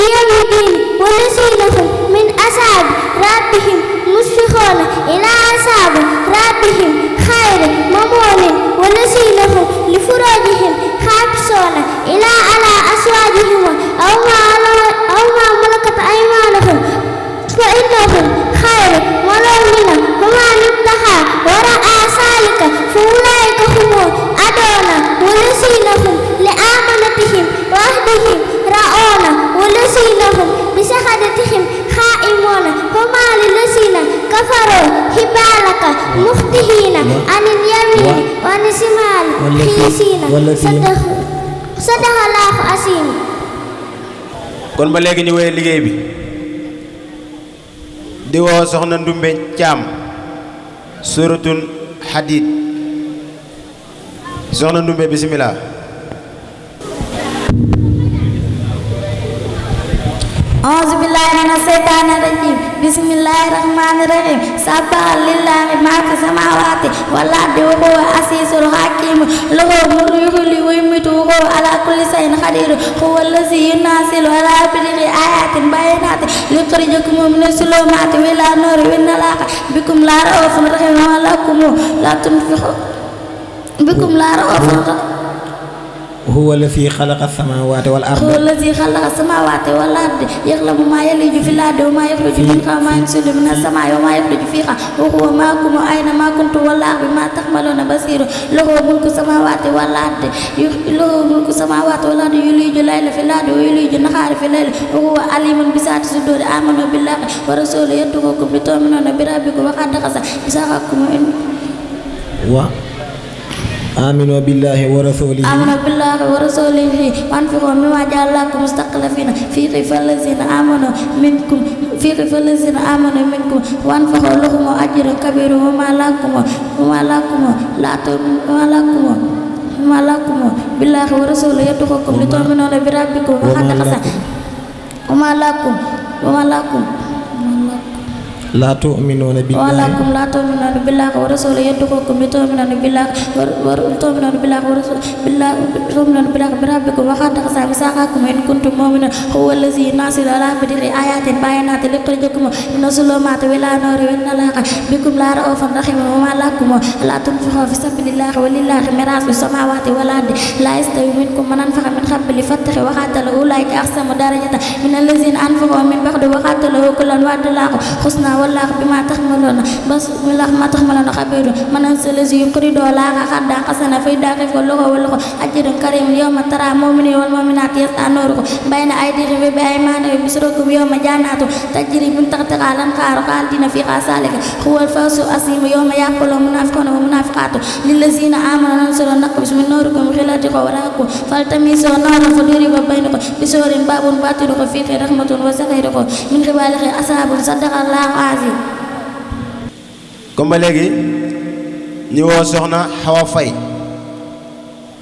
بيمينهم ونسيلهم من أصحاب ربهم مشفقون إلى أصحاب ربهم خير ممول ونسيلهم لفروجهم خابسون إلى على أسوادهم أو ما أو ما ملكت أيمانهم فإنهم خير ملومين هما مبتهى ورأى سالك فأولئك هم أدونا ونسيلهم لآمنتهم وعهدهم راؤون والذين هم بشهادتهم قائمون فما للذين كفروا هبالك مختهين عن اليمين وعن الشمال حيسين صدق صدق الله العظيم kon ba léegi ñu wéyee liggéey bi di woo soxna ndumbe caam suratul hadid soxna ndumbe bismillah aousubillahi min aseytaani rajim bismillahi rahmani rahim sabaha lillahi ma fi samawati wal ardi wa huwa asisul hakim lahu mulku yuhyi wa yumiitu wa huwa ala kulli shay'in qadir huwa allazi yunazzilu ala abdihi ayatin bayinatin yukhrijukum min zulumati ila nuri wa inna llaha bikum la raufun rahim wa lakum la tunfiqu bikum la raufun huwa lazi xalaqa samaawaati wal arda huwa lazi xalaqa samaawaati wal arda yaxlamu maa yaliju fil ardi wa maa yaxruju minhaa wa maa yanzilu mina samaa'i wa maa yaxruju fiihaa wa huwa ma'akum aynamaa kuntum wal ardi bimaa ta'maluuna basiir lahu mulku samaawaati wal ardi lahu mulku samaawaati wal ardi yuliju layla fil ardi wa yuliju nahaara fil layli wa huwa aliimun bi zaati suduur aaminu billaahi wa rasuulihi wa litu'minuuna bi rabbikum wa qad khasara miisaaqakum wa آمنوا بالله ورسوله آمنوا بالله ورسوله وأنفقوا مما جعلكم مستخلفين فيه فالذين آمنوا منكم فيه فالذين آمنوا منكم وأنفقوا لهم أجر كبير وما لكم وما لكم لا وما لكم وما لكم بالله ورسوله يدعوكم لتؤمنون بربكم وما لكم وما لكم laa tu'minuuna billaahi walakum laa tu'minuuna billaahi wa rasuulihi yad'uukum li tu'minuuna billaahi wa tu'minuuna billaahi wa rasuulihi tu'minuuna billaahi wa rabbikum wa qad axzaa miisaaqakum in kuntum mu'miniin huwa allazii yunazzilu 'alaa abdihi aayaatin bayyinaatin liyukhrijakum mina z-zulumaati ilaa n-nuuri wa inna llaaha bikum la-ra'uufun rahiim wa maa lakum allaa tunfiquu fii sabiilillaahi wa lillaahi miiraasu s-samaawaati wal-ardi laa yastawii minkum man anfaqa min qabli l-fathi wa qaatala ulaa'ika ahsanu darajatan mina llaziina anfaquu min ba'du wa qaataluu kullan wa'ada llaahu l-husnaa والله بما تحملون بس والله ما تحملون خبير من الذي يقرض الله قرضا حسنا فيضاعف له وله أجر كريم يوم ترى المؤمنين والمؤمنات يسعى نورهم بين أيديهم وبأيمانهم يبصركم يوم جنات تجري من تحتها الأنهار خالدين فيها ذلك هو الفوز العظيم يوم يقول المنافقون والمنافقات للذين آمنوا انصروا نقبس من نوركم خلالكم وراءكم فالتمسوا نورا فضرب بينكم بسور باب باطنه فيه رحمة وسخيركم من قبله أصحاب صدق الله Maasi kon ba léegi ñu woo soxna Awa Fay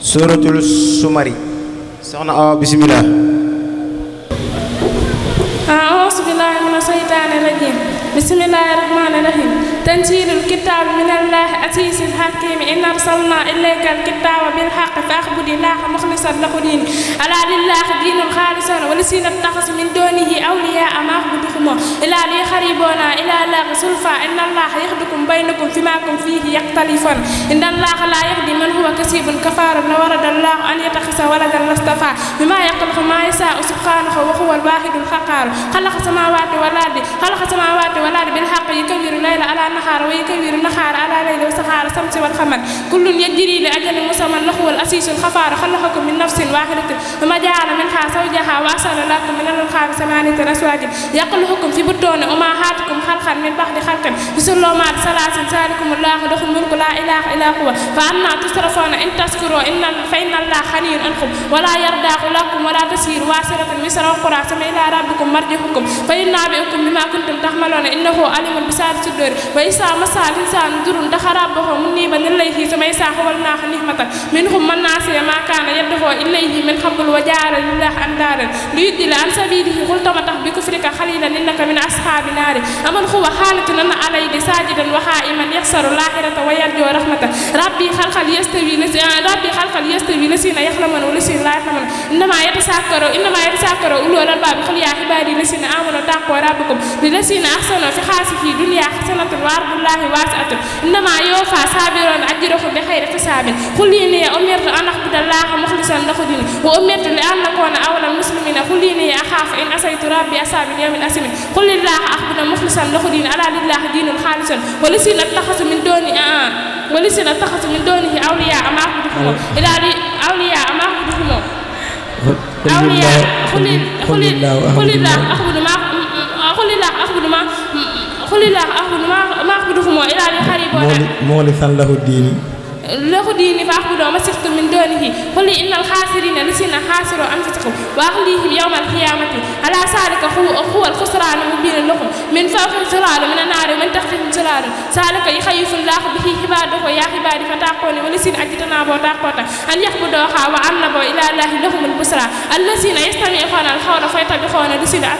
suratul sumari soxna Awa bismillah a'uuzu billaahi mina sayxaani rajiim bismillaahi rahmaani rahiim تنزيل الكتاب من الله عزيز حكيم إن أرسلنا إليك الكتاب بالحق فاعبد الله مخلصا له دين ألا لله دين خالصا ولسين اتخذ من دونه أولياء ما اعبدهم إلا ليقربونا إلى الله زلفى إن الله يخدكم بينكم فيما كنتم فيه يختلفون إن الله لا يهدي من هو كسيب كفار ورد الله أن يتخذ ولدا لاصطفى بما يخلق ما يشاء سبحانه وهو الواحد القهار خلق السماوات والأرض خلق السماوات والأرض بالحق يكبر الليل على النهار ويكبر النهار على ليل وسخار الشمس والقمر كل يجري لأجل مسمى له والأسيس الخفار خلقكم من نفس واحدة وما جعل منها زوجها وأرسل لكم من الأنهار ثمانية أزواج يخلقكم في بطون أمهاتكم خلقا من بعد خلق في سلمات ثلاث ذلكم الله له الملك لا إله إلا هو فأنا تصرفون إن تذكروا إن فإن الله غني عنكم ولا يرضى لكم ولا تسير واسرة مصر وقرى سمع إلى ربكم مرجعكم فينبئكم بما كنتم تعملون إنه عليم بصار الصدور وإسا مسا الإنسان ضر دخل ربه منيبا إليه سميسا خولناه نهمة منهم من ناسي ما كان يده إليه من حبل وجعل لله أندارا ليضل عن سبيله قل تمتع بكفرك خليلا إنك من أصحاب النار أمن هو حالة أن عليه ساجدا وحائما يخسر الآخرة ويرجو رحمته ربي خلق يستوي ربي خلق يستوي لسين يخلمون ولسين لا يخلمون إنما يتساكر إنما يتساكر أولو الألباب قل يا عبادي لسين آمنوا تقوى ربكم للسين أحسنوا في خاسه دنيا حسنة wardullahi waasiatu innama yoofa saabirona ajruhum bi xayri hisaabin qul inni umirtu an a'budallaha muxlisan lahu dini wa umirtu li an akuna awwalal muslimina qul inni axaafu in asaytu rabbi asaabi yawmin asimin qul lillahi a'budu muxlisan lahu dini ala lillahi dinul xaalisan wa lisina taxasu min dooni wa lisina taxasu min doonihi awliya ama axbuduhumo ila awliya ama axbuduhumo awliya qul lillah axbudu ma qul lillah axbudu ma xulilaax ahbud maa ahbuduhumoo ilaa li xariboona muxlisan lahu diini lahu diini fa ahbudu masixtu min doonihi xuli innal xaasirina lisina xaasiro anfusakum wa axlihim yowmal xiyaamati ala saalika xuwal xusraanu mubiinu lakum min fawqihim siraaru mina naari min taxtihim siraaru saalika yuxayyiful laahu bihi ibaadahu yaa ibaadi fattaquuni wa lisina ajtanaboo taqoota an yaxbuduuhaa wa annaboo ilaa laahi lahumul busraa allazina yastamiuuna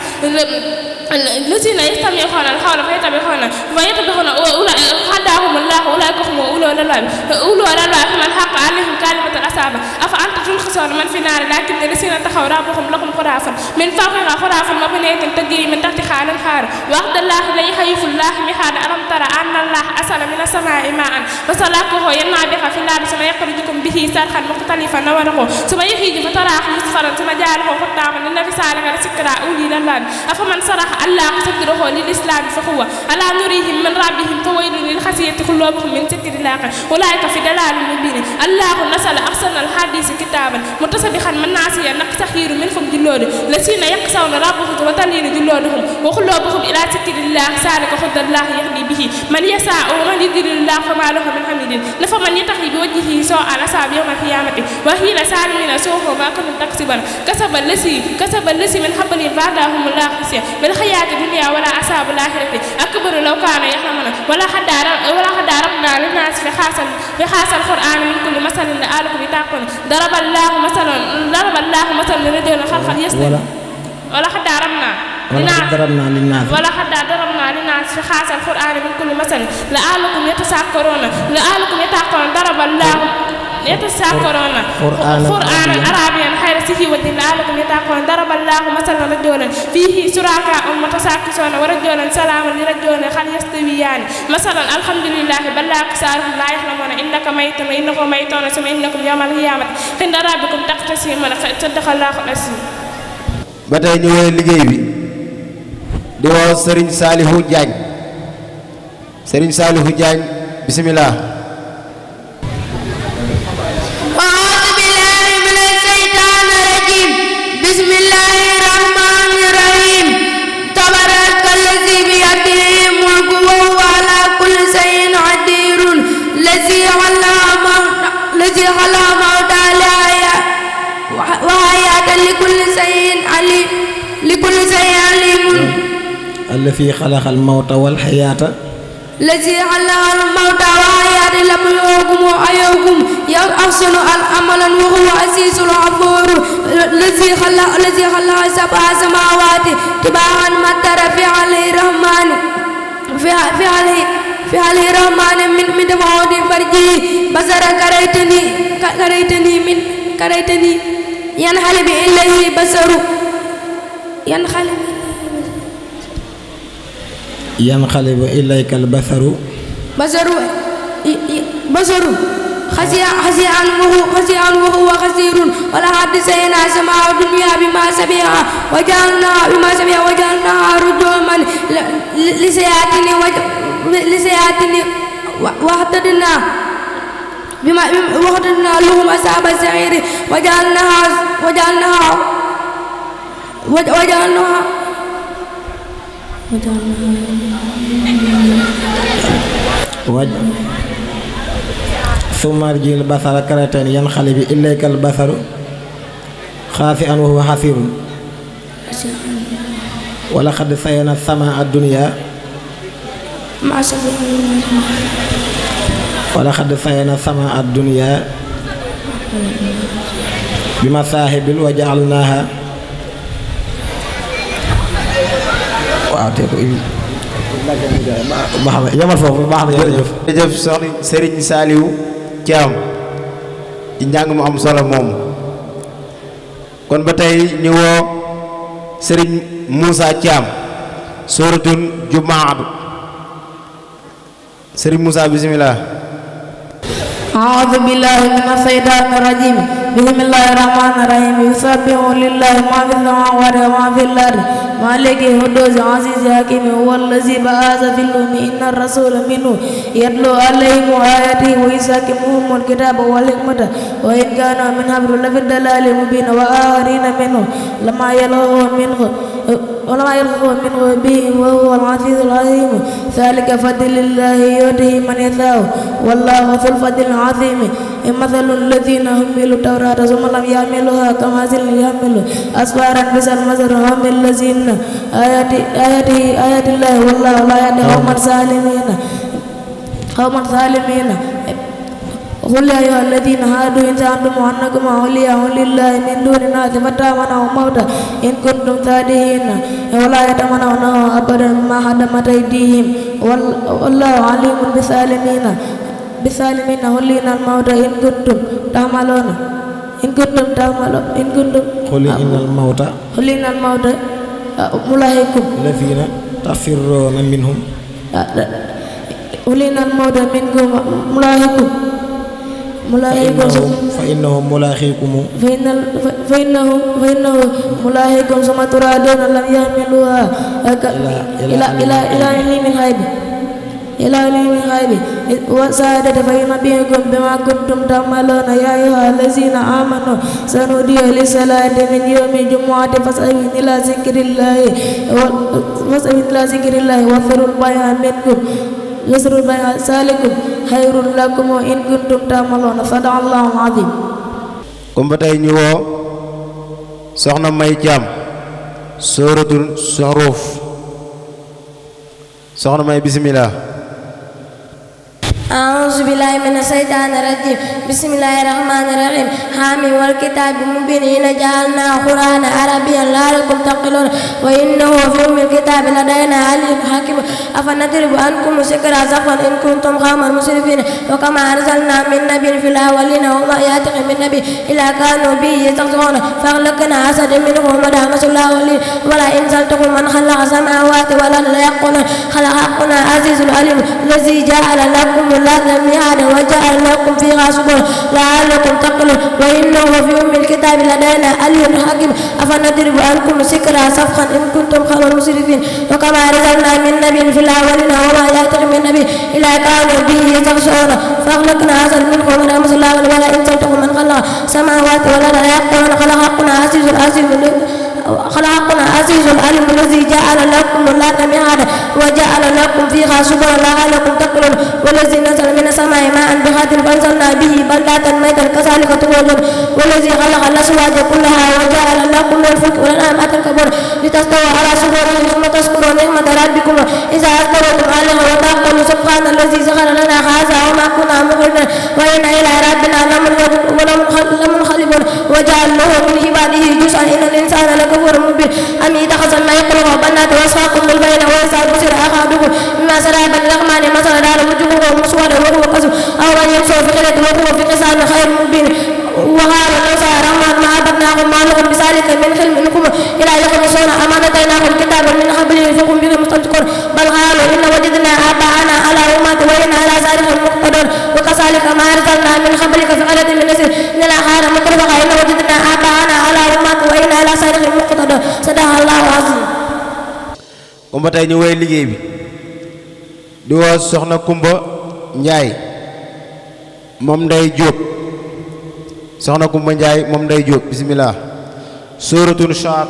الذين يستمعون القول فيتبعون ويتبعون أولئك هداهم الله أولئك هم أولو الألباب أولو الألباب فمن حق عليهم كلمة العذاب أفأنت تنقذ من في النار لكن الذين اتقوا ربهم لهم غرفا من فوقها غرف مبنية تجري من تحتها الأنهار وعد الله لا يخيف الله ميعادا ألم تر أن الله أنزل من السماء ماء فسلكه ينبع به في الأرض ثم يخرجكم به سرحا مختلفا ألوانه ثم يخرجكم تراه مصفرا ثم جعله خطاما للنبي صلى الله عليه وسلم أولي الألباب أفمن سرح allah sadruhu lil islam fa huwa ala nurihim min rabbihim fa waylun lil khasiyati qulubuhum min zikrillah ulaika fi dalalin mubin allahu nasala ahsana al hadisi kitaban mutasabihan man nasiya nak sahiru minkum jullodu lasina yaqsawna rabbuhum wa talina julloduhum wa qulubuhum ila zikrillah salika hudallah yahdi bihi man yasa'u wa man yudlilillah fama lahu min hamidin lafa man yatahi bi wajhihi so ala sab yawm al qiyamati wa hila salimina sawfa ma kuntum taksiban kasaba lasi kasaba lasi min hablin ba'dahum la khasiya tahiyaati dunya wala asaabu laaxirati akbaru law kaanu yaxlamuna wala xaddaara wala xaddaaram naa li naas fi xaasal fi xaasal quraan min kulli masalin la aluku bi tàqoon daraballaahu masalan daraballaahu masalan li rajulin xalqal yas wala xaddaaram naa wala xaddaram naa li naas wala xaddaaram naa li naas fi xaasal quraan min kulli masalin la alukum yatasakkoroona la alukum yataqoon daraballaahu لتستعقلون قرآن عربيا خير سيه والدين لعلكم يتقون ضرب الله مثلا رجلا فيه شركاء متساقسون ورجلا سلام لرجل هل يستويان مثلا الحمد لله بل أكثرهم لا يعلمون إنك ميت وإنكم ميتون ثم إنكم يوم القيامة عند ربكم تختصمون صدق الله العظيم ba tey ñu wéy liggéey bi di woo Serigne Salihu Diagne Serigne Salihu Diagne bisimilah. وزر على موتى لايا وحياة لكل شيء عليم لكل شيء عليم الذي خلق الموت والحياة الذي خلق الموت والحياة لم يوكم وأيوكم يحسن العمل وهو عزيز الغفور الذي خلق الذي خلق سبع سماوات تباعا ما ترى في عليه الرحمن في عليه في حال رحمن من من دمعود فرجي بزر كريتني كريتني من كريتني ينحلب إليه بصر ينحلب ينقلب إليك البصر بصر بصر خزي خزي عنه خزي عنه وخسير ولا حد سينا سماع الدنيا بما سمعها وجعلنا بما سمعها وجعلنا رجوع لسيئاتنا واهتدنا بما واهتدنا لهم أصحاب السعير وجعلناها وجعلناها وجعلناها وجعلناها ثم ارجع البصر كرتين ينقلب إليك البصر خاسئا وهو حسير ولقد زينا السماء الدنيا ma wala xadd fayna sama addunya bi ma saaxibil wa jaalnaaha waaw te ko ibi ba xam yamal foofu ba xam jërëjëf jërëjëf soxna sëriñ saaliw Thiam ci njàng mu am solo moom kon ba tey ñu sëriñ Moussa Thiam sóoratun jumaadu Serigne Moussa bisimilah. أعوذ بالله من الشيطان الرجيم بسم الله الرحمن الرحيم يسبح لله ما في السماوات وما في الأرض مالك هدوز عزيز حكيم هو الذي بعث في الأم إن الرسول منه يتلو عليهم آياته ويزكيهم الكتاب والحكمة وإن كانوا من قبل لفي ضلال مبين وآخرين منهم لما يلقون منه ولما يلقون منه بهم وهو العزيز العظيم ذلك فضل الله يؤتيه من يشاء والله ذو الفضل العظيم مثل الذين حملوا التوراة ثم لم يحملوها كمثل يحمل أسفارا بئس المثل هم الذين المجرمين آياتي آياته آيات الله والله لا يهدي قوم الظالمين قوم الظالمين قل يا أيها الذين هادوا إن زعمتم أنكم أولياء لله من دون الناس فتمنوا الموت إن كنتم صادقين ولا يتمنونه أبدا ما قدمت أيديهم والله عليم بالظالمين بالظالمين أولياء الموت إن كنتم تعملون إن كنتم تعملون إن كنتم قل إن الموت قل إن الموت أولئكم الذين تفرون منهم ولنا الموت منكم ملاهكم ملاهكم فإنهم ملاهكم فإن فإنه فإنه ملاهكم ثم ترادون لم يحملوها إلى إلى إلى علم الغيب إلى علم الغيب وسعادة فينبئكم بما كنتم تعملون يا أيها الذين آمنوا سنودي للصلاة من يوم الجمعة فاسعوا إلى ذكر الله فاسعوا إلى ذكر الله وافروا البيع منكم يسروا البيع سالكم خير لكم إن كنتم تعملون صدق الله العظيم kon ba tey ñu woo soxna May Caam sóoratul Suruuf soxna May bisimilah أعوذ بالله من الشيطان الرجيم بسم الله الرحمن الرحيم حامي والكتاب المبين إنا جعلناه قرآنا عربيا لعلكم تعقلون وإنه في أم الكتاب لدينا علي حكيم أفنضرب عنكم الذكر صفا إن كنتم قوما مسرفين وكما أرسلنا من نبي في الأولين وما يأتي من نبي إلا كانوا به يستهزئون فأغلقنا أسد منهم ودعمس الأولين ولئن سألتكم من خلق السماوات والأرض ليقولن خلقنا عزيز العليم الذي جعل لكم الأرض مهادا وجعل لكم فيها سبلا لعلكم تقلون وإنه في أم الكتاب لدينا علي حكيم أفنضرب عنكم الذكرى صفحا إن كنتم قوما مسرفين وكما أرسلنا من نبي في الأولين وما يأتي من نبي إلا كانوا به يستهزئون فأغلقنا هذا منهم من أمس الله والملائكة تلتهم من خلق السماوات والأرض يقولون خلق حقنا عزيز العزيز خلق حقنا عزيز العليم الذي جعل لكم الأرض مهادا وجعل لكم فيها سبلا لعلكم تأكلون والذي نزل من السماء ماء بقدر فأنزلنا به بلدة ميتا كذلك تخرجون والذي خلق الأزواج كلها وجعل لكم من الفلك والأنعام تركبون لتستووا على سرورهم ثم تذكروا نعمة ربكم إذا أثبتم عليها وتقولوا سبحان الذي سخر لنا هذا وما كنا مؤمنين وإنا إلى ربنا لمنقلبون وجعل له من عباده جزءا إن الإنسان لكفور مبين أم يتخذ ما يقرأ بنات وأسواق بالبين ويسعى يكن حقا دخول مما سرى بن الرحمن مثلا دار وجهه مسودا وهو قسم أو من يمشي في خلة وهو في قسام خير مبين وقال موسى رحمة ما عبدناهم ما لكم بذلك من حلم لكم إلى لكم صنع أما آتيناهم كتابا من قبله فهم به مستمسكون بل قالوا إن وجدنا آباءنا على أمة وإن على ذلك مقتدر وكذلك ما أرسلنا من قبلك في عدد من نسل إلا خير مترفقا إن وجدنا آباءنا على أمة وإن على ذلك مقتدر صدق الله العظيم kon tay tey woy liggéey bi di woo soxna Kumba Njaay moom nday jóob soxna Kumba Njaay moom nday jóob bismillah sooratun shaat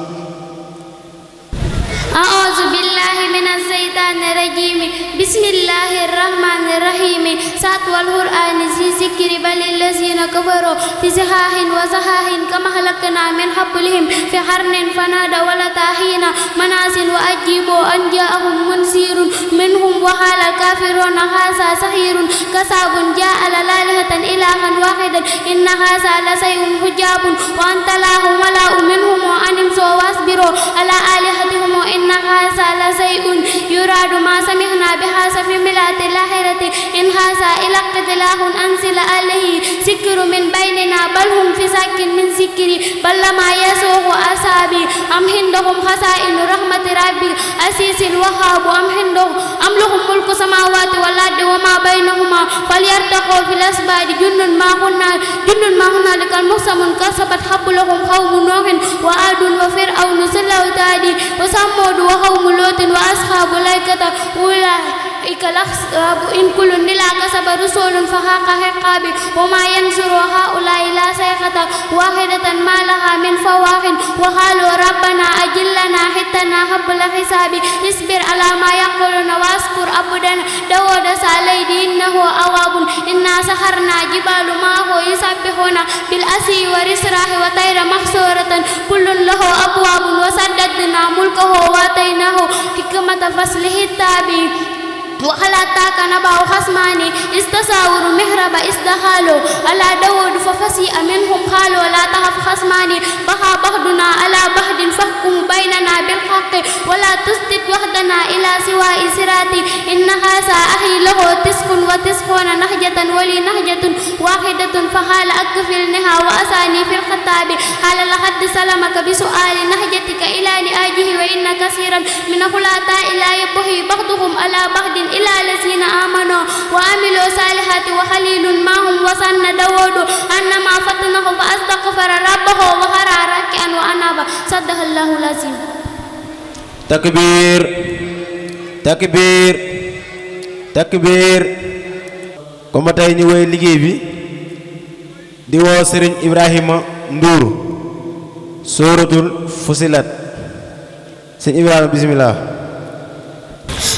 أعوذ بالله من الشيطان الحكيم بسم الله الرحمن الرحيم سات والقرآن ذي ذكر بل الذين كفروا في زهاه وزهاه كما خلقنا من حبلهم في حرن فنادى ولا تاهينا منازل وأجيبوا أن جاءهم منذير منهم وقال الكافرون هذا سحير كساب جاء لالهة إلها واحدا إن هذا لشيء عجاب وأنت له ملأ منهم وأنمسوا واصبروا على آلهتهم إن هذا لشيء يراد ما سمعنا بهذا في ملة الآخرة إن هذا إلا اقتلاح أنزل عليه سكر من بيننا بل هم في شك من ذكري بل لما يسوق أصابي أم عندهم خزائن رحمة ربي عزيز الوهاب أم عندهم أم لهم ملك السماوات والأرض وما بينهما فليرتقوا في الأسباب جن ما هنا جن ما هنالك المقسم كسبت حبلهم قوم نوح وعاد وفرعون سلوتادي وثمود وقوم لوط وأصحاب الأيكة Ula حقك الأحساب إن كل إلا كسب رسول فحق عقابه وما ينصر هؤلاء لا صيغة واحدة ما لها من فواق وقالوا ربنا أجل لنا حتنا قبل حسابه اصبر على ما يقولون واشكر عبدنا داود ساليد إنه أواب إنا سخرنا جبال معه يسبحون بالأسي والإسراح وطير محصورة كل له أبواب وسددنا ملكه وآتيناه حكمة فصله التابع وهل أتاك نبأ خصمان إذ تساوروا المحراب إذ دخلوا على داود ففزع منهم قالوا لا تخف خصمان بغى بعضنا على بعض فاحكم بيننا بالحق ولا تسطط وحدنا إلى سواء صراط إن هذا أخي له تسع وتسعون نهجة ولي نهجة واحدة فقال أكفلنها وأساني في الخطاب قال لقد سلمك بسؤال نهجتك إلى لآجه وإن كثيرا من خلطاء لا يبغي بعضهم على بعض إلا الذين آمنوا وعملوا tey ñu woy liggéey bi di woo sëriñ Ibrahima Ndour sóoratul Fusilat sëñ Ibrahima bisimilah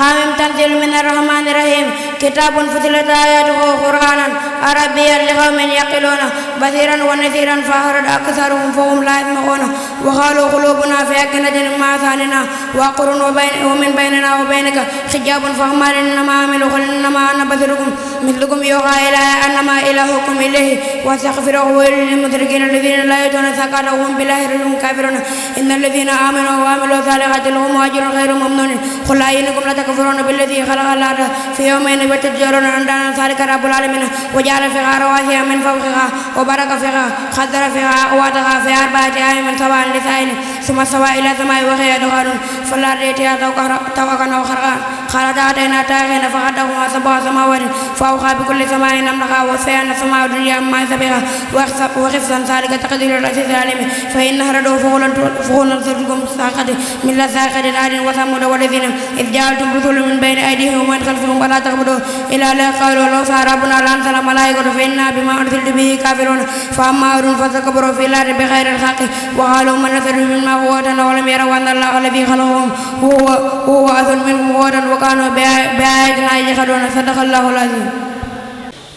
حاميم تنزيل من الرحمن الرحيم كتاب فصلت آياته قرآنا عربيا لقوم يعقلون بصيرا ونذيرا فأعرض أكثرهم فهم لا يسمعون وقالوا قلوبنا في أكنة مما أذقنتنا وقرن ومن بيننا وبينك حجاب فاعمل إنما أعمل قل إنما أنا بشركم مثلكم يوحى إلي أنما إلهكم إله واستغفره ويل للمشركين الذين لا يؤتون الزكاة وهم بالآخرة هم كافرون إن الذين آمنوا وعملوا الصالحات لهم أجر غير ممنون قل أيكم تكفرون بالذي خلق الأرض في يومين وتجعلون أندادا ذلك رب العالمين وجعل فيها رواسي من فوقها وبارك فيها خدر فيها وأواتها في أربعة أيام من سواء لسائل ثم استوى إلى السماء وهي دخان فالأرض يأتيها طوقا أو خرقا قالت أتينا طاغين فقدهما سبع سماوات فأوحى بكل سماء أمرها وسعنا السماء الدنيا ما سبقها وخفصا ذلك تقدير العزيز العليم فإن هردوا فقل أنصركم ساقط من لا ساقط الآن وثمود والذين إذ جعلتم رسول من بين أيديهم ومن خلفهم ولا تعبدوا إلا لا قالوا لو شاء ربنا لأنزل ملائكة فإنا بما أرسلت به كافرون فأما عاد فاستكبروا في الأرض بغير الحق وقالوا من نزل مما هو ولم يروا أن الله الذي خلقهم هو هو أذل منهم هودا وكانوا بآياتنا يجحدون صدق الله العظيم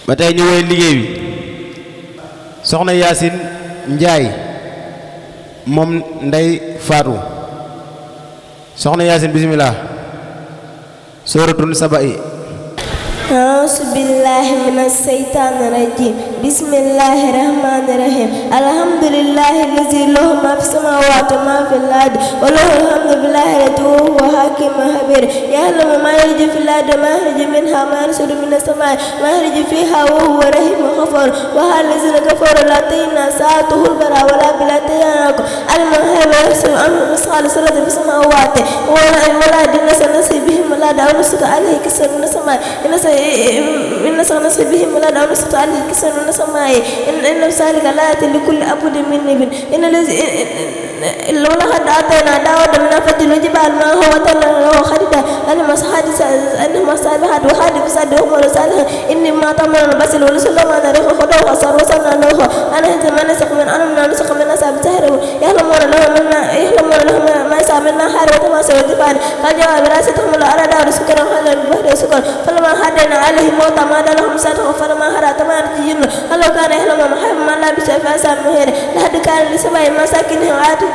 ba tey ñu woy liggéey bi soxna Yaasin Njaay moom Ndey Faatu soxna Yaasin bisimilah sooratun saba'i أعوذ بالله من الشيطان الرجيم بسم الله الرحمن الرحيم الحمد لله الذي له ما في السماوات وما في الأرض وله الحمد بالآخرة وهو حكيم خبير يعلم ما يرج في الأرض وما يرج منها وما ينشر من السماء وما يرج فيها وهو رحيم غفور وهل الذين كفروا لا تينا ساعته البرى ولا بلا تيانك المغيب يحسب أمر مثقال سرة في السماوات ولا ولا دين نسى نسي بهم ولا دعوة نسك عليه كسر من السماء إن سغنس بهم ولا دعوا نسط عليه كسر ونسمائي إن إن سالك لا يأتي لكل أبد من ابن إن الذي لولا قد آتينا داود من الفضل وجبال ما هو تنى له خريطة أنما صحاد أنما صالحة وخالد صاد وعمر صالح إني ما تمر بسل ورسول ما تاريخ خدوه صار وصلنا له أنا هنت ما نسق من أنا من نسق من أصحاب سهره يعلمون له من يعلمون له ما يسعى من نهار وما سوى جبال قال جاء براستهم لا أرى دار سكر وخلى البحر سكر فلما حدنا عليه موت ما دلهم ساتهم فلما هرى تمام جن قالوا كان يحلم محب ما لا بشفاء سامهر لحد كان لسبع مساكنهم عاتوا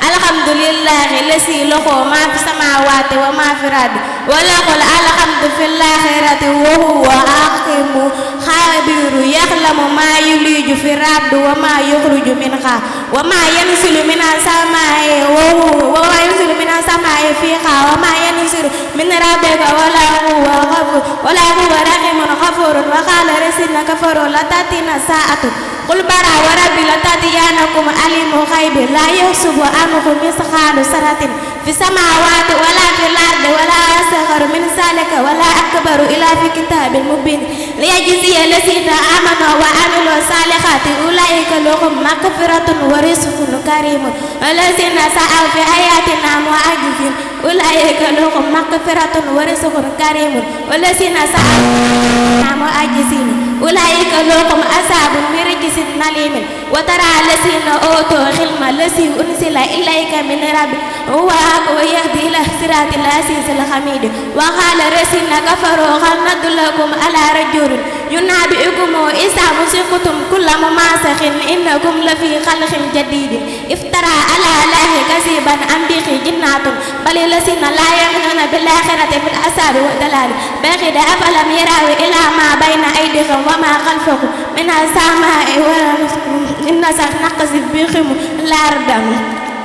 alhamdulillahi lesi loxo maa fi samaawaati wa maa fi raad wala xol alhamdu fil laaxirati wa huwa aqimu xabiru yaxlamu maa yuliju fi raad wa maa yuxruju minha wa maa yansilu min asamaa'i wa huwa wa maa yansilu min asamaa'i fiha wa maa yansilu min rabbika wala huwa ghafur wala huwa rahimun ghafurun wa qala resina kafaru la tatina saatu قل برا وربي لتأتينكم عليم الغيب لا يحسب أمره مثقال ذرة في السماوات ولا في الأرض ولا يصغر من ذلك ولا أكبر إلا في كتاب مبين ليجزي الذين آمنوا وعملوا الصالحات أولئك لهم مغفرة ورزق كريم والذين سعوا في آياتنا معجزين أولئك لهم مغفرة ورزق كريم والذين سعوا في آياتنا معجزين أولئك لهم أصحاب المرجس النليم وترى الذين أوتوا العلم الذي أنزل إليك من ربك هو ويهدي إلى صراط العزيز الحميد وقال الذين كفروا هل ندل لكم على رجل ينبئكم إذا مسكتم كل مماسخ إنكم لفي خلق جديد افترى على الله كذبا أم به جنات بل الذين لا يؤمنون بالآخرة في العذاب والضلال بغد أفلم يروا إلى ما بين أيديهم وما خلفهم من السماء والأرض إن نقص بهم الأرض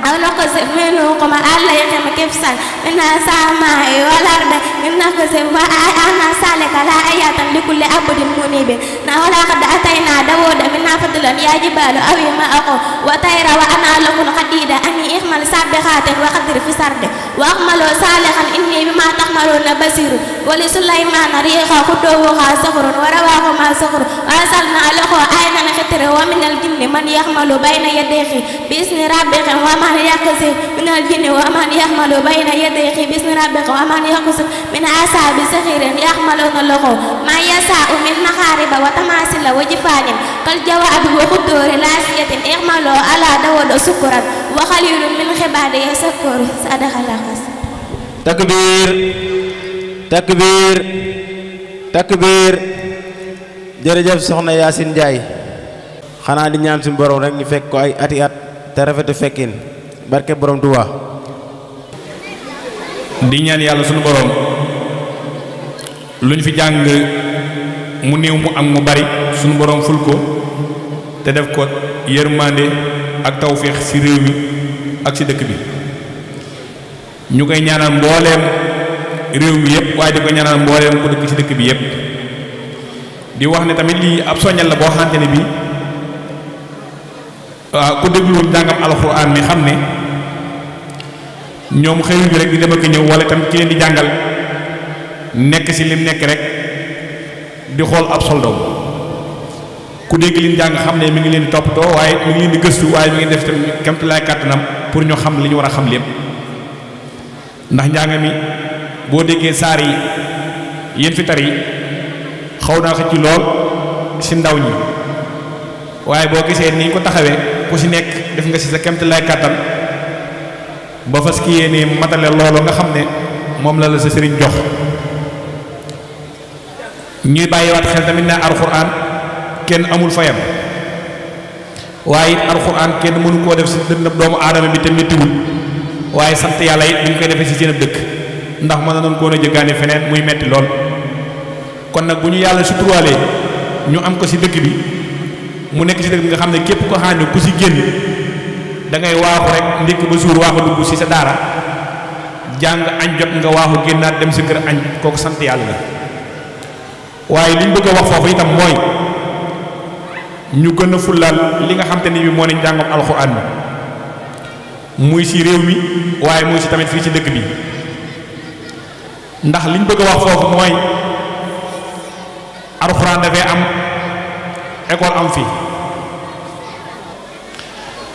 أو نقسم منه كما الله يحمي كفسا من السماء والأرض من نقسم وأنا سالك لا آيات لكل عبد منيب ولقد أتينا داود منا فضلا يا جبال أوي ما أقو وطير وأنا لكم قديدة أني أحمل سابقات وقدر في سرد وأعمل صالحا إني بما تعملون بصير ولسليمان ريحا قدوها صخر ورواهما صخر وأرسلنا له عينا خطر ومن الجن من يحمل بين يديه بإذن ربه وما ومن يقصد من الجن ومن يحمل بين يديه باسم ربك ومن يقصد من أصحاب سخير يحملون له ما يساء من مخارب وتماثيل وجفان كالجواب وقدور لاسية اعملوا على داود سكرا وخليل من عباده شكور صدق الله takbiir takbiir takbiir jërëjëf soxna Yacine Ndiaye xanaa di ñaan suñu borom rek ñu fekk ko ay ati at te rafetu fekkin barke borom Tuubaa di ñaan yàlla sunu borom lu ñu fi jàng mu néew mu am mu bari sunu borom ful ko te def ko yërmande ak tawféex ci réew mi ak ci dëkk bi ñu koy ñaanal mbooleem réew mi yëpp waaye di ko ñaanal mbooleem ku dëkk ci dëkk bi yëpp di wax ne tamit lii ab soññal la boo xamante ne bii waaw ah, ku déglu njàngam alxuraan mi xam ne ñoom xëyuñu rek di dem ak ñëw wala itam ci leen di jàngal nekk si lim nekk rek di xool ab soldoom ku dégg lim jàng xam ne mi ngi leen di toppatoo waaye mi ngi leen di gëstu waaye mu ngi def tam kemt laay kàttanam pour ñu xam li ñu war a xam lépp ndax njàng mi boo déggee saar yi yéen fi tar yi xaw naa xëcc lool si ndaw ñi waaye boo gisee ni ñu ko taxawee ku si nekk def nga si sa kemt kàttan ba fas ki yéene matale loolu nga xam ne moom la la sa sëriñ jox ñuy bàyyiwaat xel tamit ne alxuraan kenn amul fayam waaye it alxuraan kenn mënu koo def si dënn doomu aadama bi te méttiwul waaye sant yàlla it buñ koy defee si seen dëkk ndax mën na doon koo a jëggaane feneen muy metti lool kon nag bu ñu yàlla suturaale ñu am ko si dëkk bi mu nekk si dëkk bi nga xam ne képp ko xam ne ku si génn dangay ngay waaxu rek ndékki ba suur waaxu dugg si sa daara jàng añ jot nga waaxu génnaat dem sa kër añ kooku sant yàlla la waaye li ñu bëgg a wax foofu itam mooy ñu gën a fullaal li nga xam te ni bi moo ne njàngam alxuraan muy si réew mi waaye muy si tamit fii ci dëkk bi ndax li ñu bëgg a wax foofu mooy alxuraan dafay am école am fii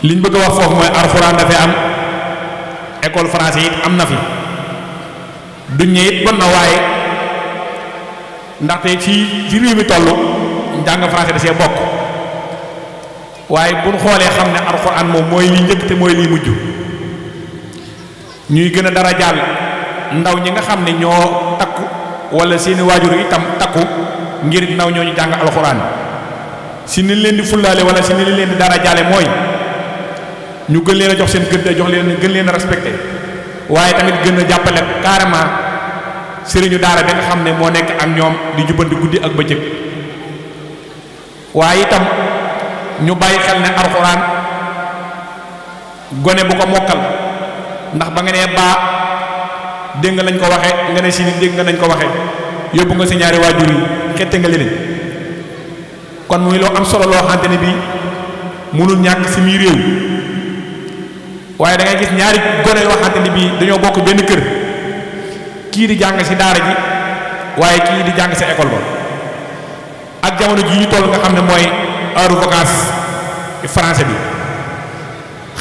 liñ bëgg a wax foofu mooy alxuraan dafay am école français it am na fi duñ ñëw it bon na waaye ndaxte ci ci réew mi toll njàng français da see bokk waaye buñ xoolee xam ne alxuraan moom mooy li njëkk te mooy liy mujj ñuy gën a dara jàll ndaw ñi nga xam ne ñoo takku wala seeni waajur itam takku ngir ndaw ñoo ñu jàng alxuraan si ni leen di fullaale wala si ni leen di dara jaale mooy ñu gën leen a jox seen gëdd jox leen gën leen a waaye tamit gën a jàppale carrément sëriñu daara bi nga xam ne moo nekk ak ñoom di jubbanti guddi ak bëccëg waaye itam ñu bàyyi xel ne alxuraan gone bu ko mokkal ndax ba nga nee baa dégg nga lañ ko waxe nga ne si dégg nga nañ ko waxe yóbbu nga si ñaari waajur yi xette nga leneen kon muy loo am solo loo xamante bii mënul ñàkk si muy réew waaye da ngay gis ñaari gone yoo xamante ni dañoo bokk benn kër kii di jàng si daara ji waaye kii di jàng sa école ba ak jamono ji ñu toll nga xam ne mooy heure vacance français bi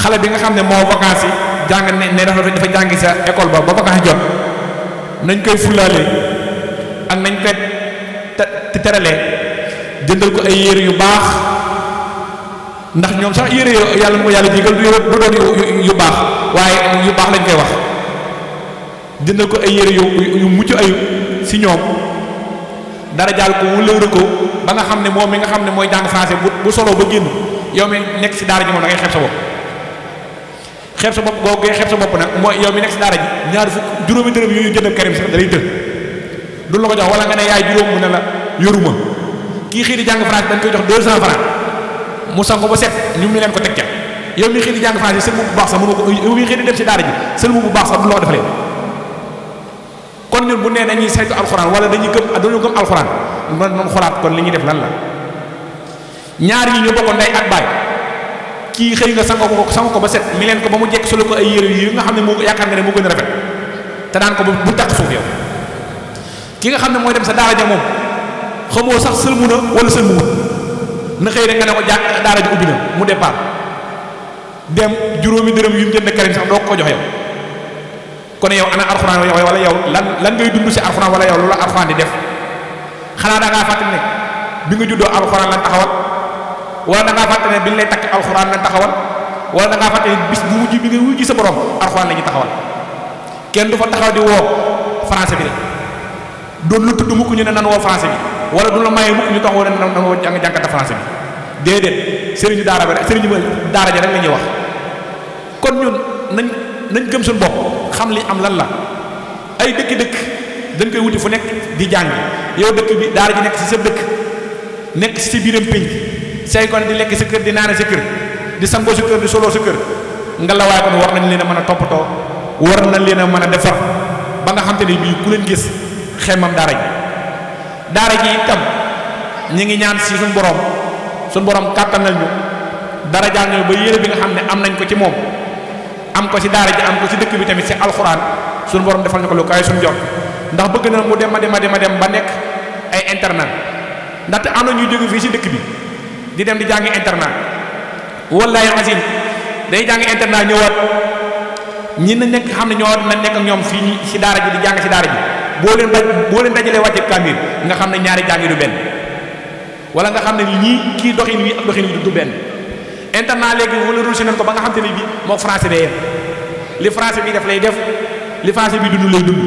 xale bi nga xam ne moo vacance yi jàng ne ne dafa jàngi sa école ba ba vacance jot nañ koy fulaalee ak nañ koy te teralee jëndal ko ay yére yu baax. ndax ñoom sax yére yo yàlla mu yàlla jigal du doon yu baax waaye yu baax lañ koy wax jënd ko ay yére yu yu mucc ayub si ñoom dara jaal ko wulawre ko ba nga xam ne moom mi nga xam ne mooy jàng français bu solo ba génn yow mi nekk si daara ji moom da ngay xeeb sa bopp xeeb sa bopp nag mooy yow mi nekk si daara ñaar fukk juróomi dërëm yu jëndal karim sax da lay tël du la ko jox wala nga ne yaay juróom mu ne la yoruma kii xii di jàng français dañ koy jox deux cent francs mu sangu ba set ñu mi leen ko teg ca yow mi xëy di jàng français sël mu bu baax sax mënu ko yow mi xëy di dem ci daara ji sël bu baax sax du la ko defalee kon ñun bu nee dañuy saytu alxuraan wala dañuy gëm dañu gëm alxuraan man moom xolaat kon li ñuy def lan la ñaar yi ñu bokkoon ndey ak baay kii xëy nga sangoo ko sango ko ba set mi leen ko ba mu jekk solo ko ay yére yi nga xam ne moo yaakaar nga ne moo gën a rafet te daan ko bu taq suuf yow ki nga xam ne mooy dem sa daara ja moom xamoo sax sëlmu na wala sëlmuwul na xëy rek nga ne ko jàng daara ji ubbi na mu départ dem juróomi dërëm yu mu jënd karim sax doo ko jox yow kon yow ana arxuraan yow wala yow lan lan ngay dund si arxuraan wala yow lu la arxuraan di def xanaa da ngaa fàttali ne bi nga juddoo alxuraan lan taxawal wala da ngaa fàttali ne bi ñu lay takk alxuraan da ngaa fàttali ne bis wujj bi nga wujj sa borom arxuraan la ñuy taxawal kenn du fa taxaw di woo français bi de doon lu tudd mukk ñu ne nan woo français bi. wala du la maye mukk ñu tax wala na nga jànkata français bi déedéet sëriñu daara bi rek sëriñu daara ja rek la ñuy wax kon ñun nañ nañ gëm suñu bopp xam li am lan la ay dëkk-dëkk dañ koy wuti fu nekk di jàng yow dëkk bi daara ji nekk si sa dëkk nekk si sa biiram pénc say kon di lekk sa kër di naane sa kër di sangoo sa kër di soloo sa kër nga la waaye kon war nañ leen a mën a toppatoo war nañ leen a mën a defar ba nga xam bii ku leen gis xemam daara ji daara ji itam ñi ngi ñaan si suñu borom suñu borom kàttanal ñu dara jàng ñu ba yére bi nga xam ne am nañ ko ci moom am ko si daara ji am ko si dëkk bi tamit si alxuraan suñu borom defal ñu ko lu kaay suñu jot ndax bëgg na mu dem a dem a dem a dem ba nekk ay internat ndaxte am na ñuy jóge fii si dëkk bi di dem di jàng internat wallaay asin day jàng internat ñëwaat ñi na nekk xam ne ñoo na nekk ñoom fii si daara ji di jàng si daara ji boo leen daj boo leen dajalee wàcce kaamil nga xam ne ñaari jàng yi du benn wala nga xam ne ñii kii doxin wi doxin wi du benn internat léegi wala russi nañ ko ba nga xam te ne bi moo français li français bi def lay def li bi dund lay dund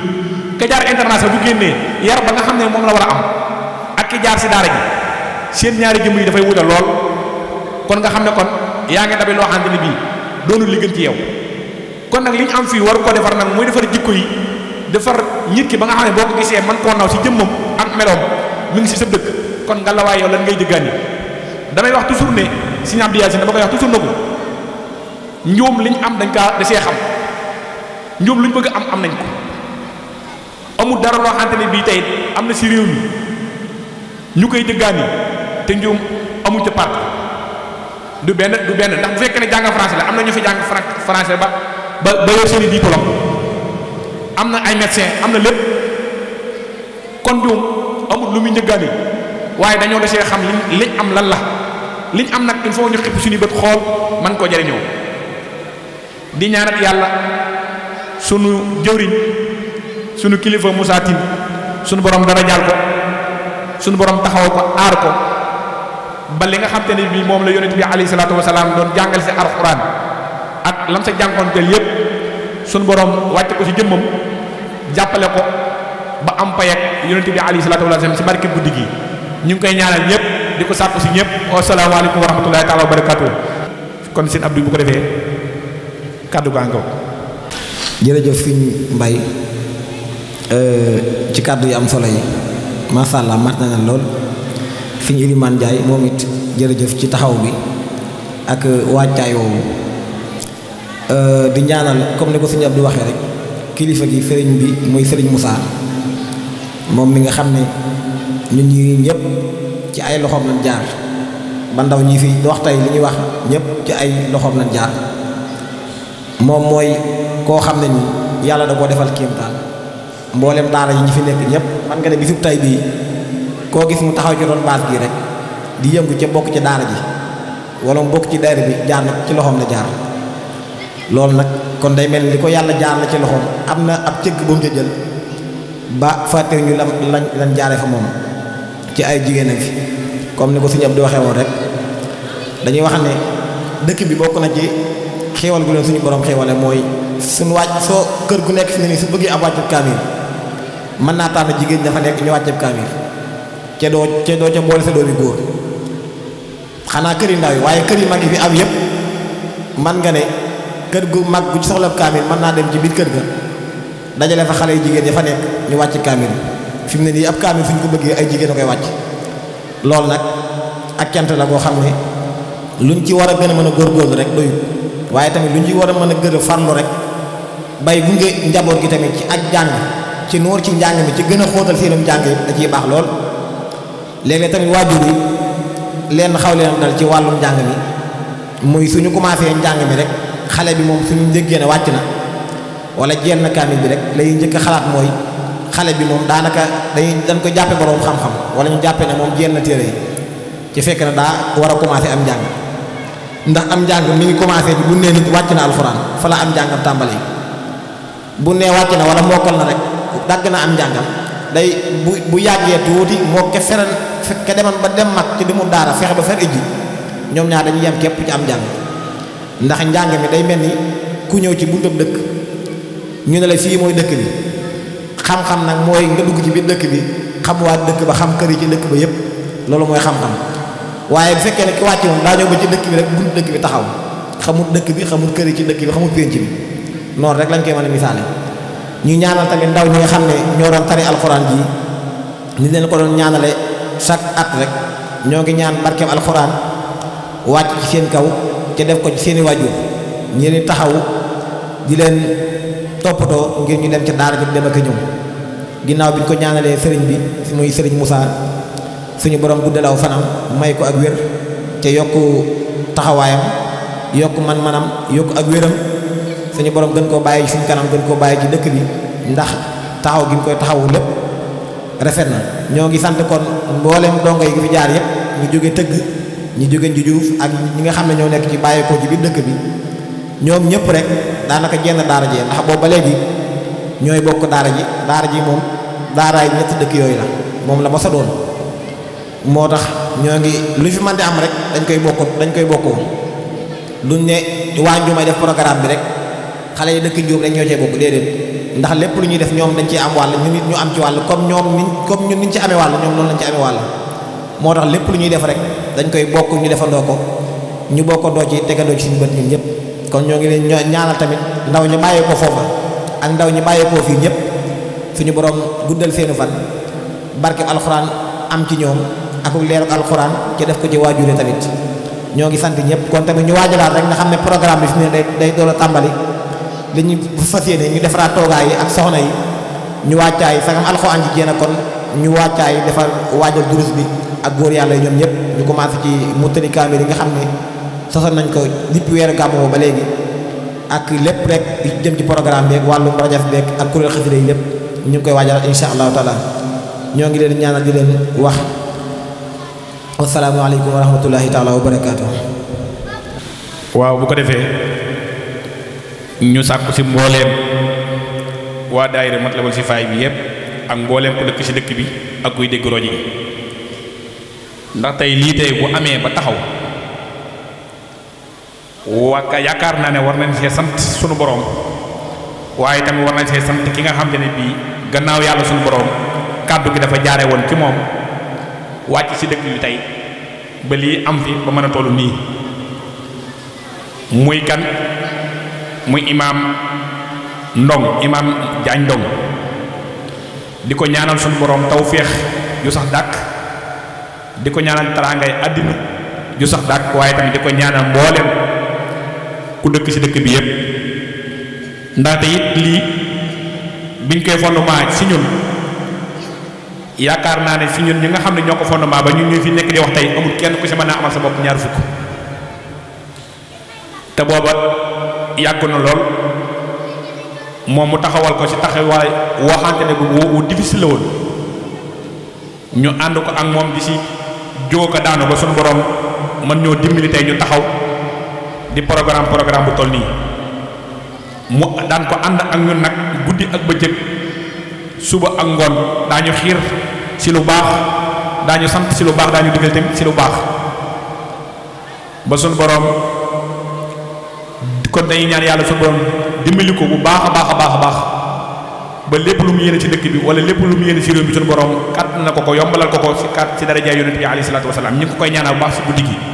ka jaar internat bu génnee yar ba nga xam ne moom la war a am ak ki jaar si daara ji seen ñaari jëmm yi dafay wuta lool kon nga xam ne kon yaa ngi dabi loo xamante ne bii doonul li ci yow kon nag li ñu am fii war ko defar nag mooy defar jikko yi defar nit ki ba nga xam ne boo ko gisee man koo naw ci jëmmam ak meloom mi ngi si sa dëkk kon ngalawaay yow lan ngay jëggaan yi damay wax toujours ne si ñaam diyaal si dama koy wax toujours na ko njuum liñ am dañ kaa da xam njuum luñ bëgg am am nañ ko amul dara loo xamante ne bii tey am na si réew mi ñu koy jëggaan yi te njuum amul ca part du benn du benn ndax bu fekk ne jàng français la am na ñu fi jàng français ba ba ba yor seeni diplôme am na ay médecin am na lépp kon ñoom amul lu muy njëggaani waaye dañoo desee xam li liñ am lan la liñ am nag il faut ñu xipp suñu bët xool man koo jariñoo di ñaanat yàlla sunu jëwriñ sunu kilifa Moussa Tine sunu borom dara jaal ko sunu borom taxaw ko aar ko ba li nga xam te ne bii moom la yonent bi alayhi salaatu wasalaam doon jàngal si alxuraan ak lam sa jànkonteel yépp sunu borom wàcc ko si jëmmam jàppale ko ba am payek yonente bi alayhi salaatu wa salaam si barke guddi gi ñu ngi koy ñaanal ñëpp di ko sàkku si ñëpp asalaamaaleykum wa rahmatullahi taala wa barakatuh kon seen abdou bu ko defee kàddu gaa ngaw jërëjëf fiñ mbay euh, ci kàddu yi am solo yi macha allah mat na lool fi fiñ Ilimaan Njaay moom it jërëjëf ci taxaw bi ak waajtaay woowu euh, di ñaanal comme ni ko sëñ Abdou waxee rek kilifa gi sëriñ bi muy sëriñ musaa moom mi nga xam ne ñun ñi ñëpp ci ay loxoom lañ jaar ba ndaw ñi fi wax tey li ñuy wax ñëpp ci ay loxoom lañ jaar moom mooy koo xam ne ni yàlla da koo defal kéemtaan mboolem daara yi ñi fi nekk ñëpp man nga ne bisub tey bii koo gis mu taxaw ci doon baas gii rek di yëngu ca bokk ci daara ji wala mu bokk ci daara bi jaar na ci loxoom la jaar loolu nag kon day mel ni ko yàlla jaar la ci loxoom am na ab cëgg bu mu ca jël ba fàtte ñu lam lañ jaare fa moom ci ay jigéen ak fi comme ni ko suñu ab di waxee woon rek dañuy wax ne dëkk bi bokk na ci xéewal gu leen suñu borom xéewale mooy suñu wàcc soo kër gu nekk fi ne nii su bëggee ab wàccub kaamil mën naa tànn jigéen dafa nekk ñu wàccub kaamil ca doo ca doo ca boole sa doomi góor xanaa kër yi ndaw yi waaye kër yi mag yi fi am yëpp man nga ne kër gu mag gu ci soxla kaamil mën naa dem ci biir kër ga dajale fa xale yu jigéen ya fa nekk ñu wàcc kaamil fi mu ne nii ab kaamil suñ ko bëggee ay jigéen a koy wàcce loolu nag ak cant la boo xam ne luñ ci war a gën a mën góor góorgóorlu rek doyut waaye tamit luñ ci war a mën a gën a farlu rek bay gunge njaboot gi tamit ci ak jàng ci noor ci njàng mi ci gën a xóotal seenum njàng da ciy baax lool léeg-léeg tamit waajur yi leen xaw leen dal ci wàllum njàng mi muy suñu commencé njàng mi rek xale bi moom fi ñu déggee ne wàcc na wala jenn kaamil bi rek lay njëkk xalaat mooy xale bi moom daanaka dañuy dañ ko jàppe borom xam-xam wala ñu jàppe na moom jenn téere yi ci fekk na daa war a commencé am njàng ndax am njàng mi ngi commencé bi bu nee nit wàcc na alxuraan fa la am njàngam tàmbali bu nee wàcc na wala mokkal na rek dagg na am njàngam day bu bu yàggee tuuti moo ke feral ke demoon ba dem mag ci mu daara fexe ba fer ijji ñoom ñaar dañuy yem képp ci am njàng ndax njàng mi day mel ni ku ñëw ci buntab dëkk ñu ne la fii mooy dëkk bi xam-xam nag mooy nga dugg ci biir dëkk bi xam waa dëkk ba xam kër yi ci dëkk ba yépp loolu mooy xam-xam waaye bu fekkee ne ki wàcc moom daa ñëw ba ci dëkk bi rek bunt dëkk bi taxaw xamut dëkk bi xamul kër ci dëkk bi xamul pénc bi noonu rek lañ koy mën a misaale ñu ñaanal tamit ndaw ñi nga xam ne ñoo doon tari alxuraan ji ni leen ko doon ñaanale chaque at rek ñoo ngi ñaan barkeem alxuraan wàcc ci seen kaw ca def ko ci seeni waajur ñi leen taxaw di leen toppatoo ngir ñu dem ca daara ji dem ak ñëw ginnaaw bi ñu ko ñaanalee sëriñ bi muy sëriñ Moussa suñu borom guddalaw fanam may ko ak wér te yokk taxawaayam yokk man-manam yokk ak wéram suñu borom gën koo bàyyi suñu kanam gën koo bàyyi ci dëkk bi ndax taxaw gi mu koy taxawu lépp rafet na ñoo ngi sant kon mboolem dongo yi fi jaar yëpp ñu jóge tëgg. ñi jóge ci Juuf ak ñi nga xam ne ñoo nekk ci bàyyeekoo ci biir dëkk bi ñoom ñëpp rek daanaka jenn daara ji ndax boobu ba léegi ñooy bokk daara ji daara ji moom daaraay ñetti dëkk yooyu la moom la mos doon moo tax ñoo ngi lu fi mën di dañ koy bokk dañ koy bokkoo duñ ne waa Njumay def programme bi rek xale yi dëkk Njuum dañ ñoo cee bokk déedéet ndax lépp lu ñuy def ñoom dañ ciy am wàll ñu ñu am ci wàll comme ñoom comme ñun niñ ci amee wàll ñoom noonu lañ ci amee wàll moo tax lépp lu ñuy def rek dañ koy bokk ñu defandoo ko ñu bokkandoo ci tegandoo ci suñu bët ñun ñëpp kon ñoo ngi leen ñaanal tamit ndaw ñu bàyyee ko foofa ak ndaw ñu bàyyee ko fii ñëpp suñu borom guddal seenu fan barke alxuraan am ci ñoom ak leeruk alxuraan ci def ko ci waajure tamit ñoo ngi sant ñëpp kon tamit ñu waajalaat rek nga xam ne programme bi fi mu ne day day a tàmbali li ñu fas yéene ñu defaraat toogaay yi ak soxna yi ñu wàccaay sagam alxuraan ji génn kon ñu wàccaay defar waajal durus bi ak góor yàlla yi ñëpp. lu commencé ci murtani kaamil yi nga xam ne sosoon nañ ko depuis weeru gàmmu ba léegi ak lépp rek jëm ci programme beeg wàllum rajaf beeg ak kuréel xasida yi lépp ñu ngi koy waajal insha allahu taala ñoo ngi leen ñaanal di leen wax asalaamaaleykum wa rahmatullahi waaw bu ko defee ñu sàkku si mbooleem waa daayira Matlabul Fawzayni bi yëpp ak mbooleem ku dëkk si dëkk bi ak kuy dégg roji ndax tey lii tey bu amee ba taxaw waa yaakaar naa ne war nañ see sant sunu boroom waaye tamit war nañ see sant ki nga xam te ne bii gannaaw yàlla sunu borom kàddu gi dafa jaare woon ci moom wàcc si dëkk yu tey ba lii am fi ba mën a tollu nii muy kan muy imaam Ndong imaam Jaañ Ndong di ko ñaanal sunu borom tawféex yu sax dàkk di ko ñaanal taraangay àddina ju sax dàkk waaye tamit di ko ñaanal mbooleem ku dëkk ci dëkk bi yépp ndaxte it lii biñ koy fondement ci ñun yaakaar naa ne ci ñun ñi nga xam ne ñoo ko fondement ba ñu ñu fi nekk di wax tey amul kenn ku ci mën a amal sa bopp ñaar fukk te booba yàgg na lool moom mu taxawal ko ci taxawaay waxante ne bu wu difficile la woon ñu ànd ko ak moom di ci jóg ko daanu ba suñu borom mën ñoo dimbali tey ñu taxaw di programme programme bu toll nii mu daan ko ànd ak ñun nag guddi ak bëccëg suba ak ngoon daañu xiir ci lu baax daañu sant ci lu baax daañu digal tamit ci lu baax ba suñu borom kon dañuy ñaan yàlla suñu borom dimbali ko bu baax a baax a baax a baax. ba lépp lu mu yéene ci dëkk bi wala lépp lu mu yéene ci réew bi suñu borom kàttan na ko ko yombalal ko ko ci kàtt ci daraja yonent bi alayhi salaatu wasalaam ñu ngi koy ñaanal bu baax ci guddi gi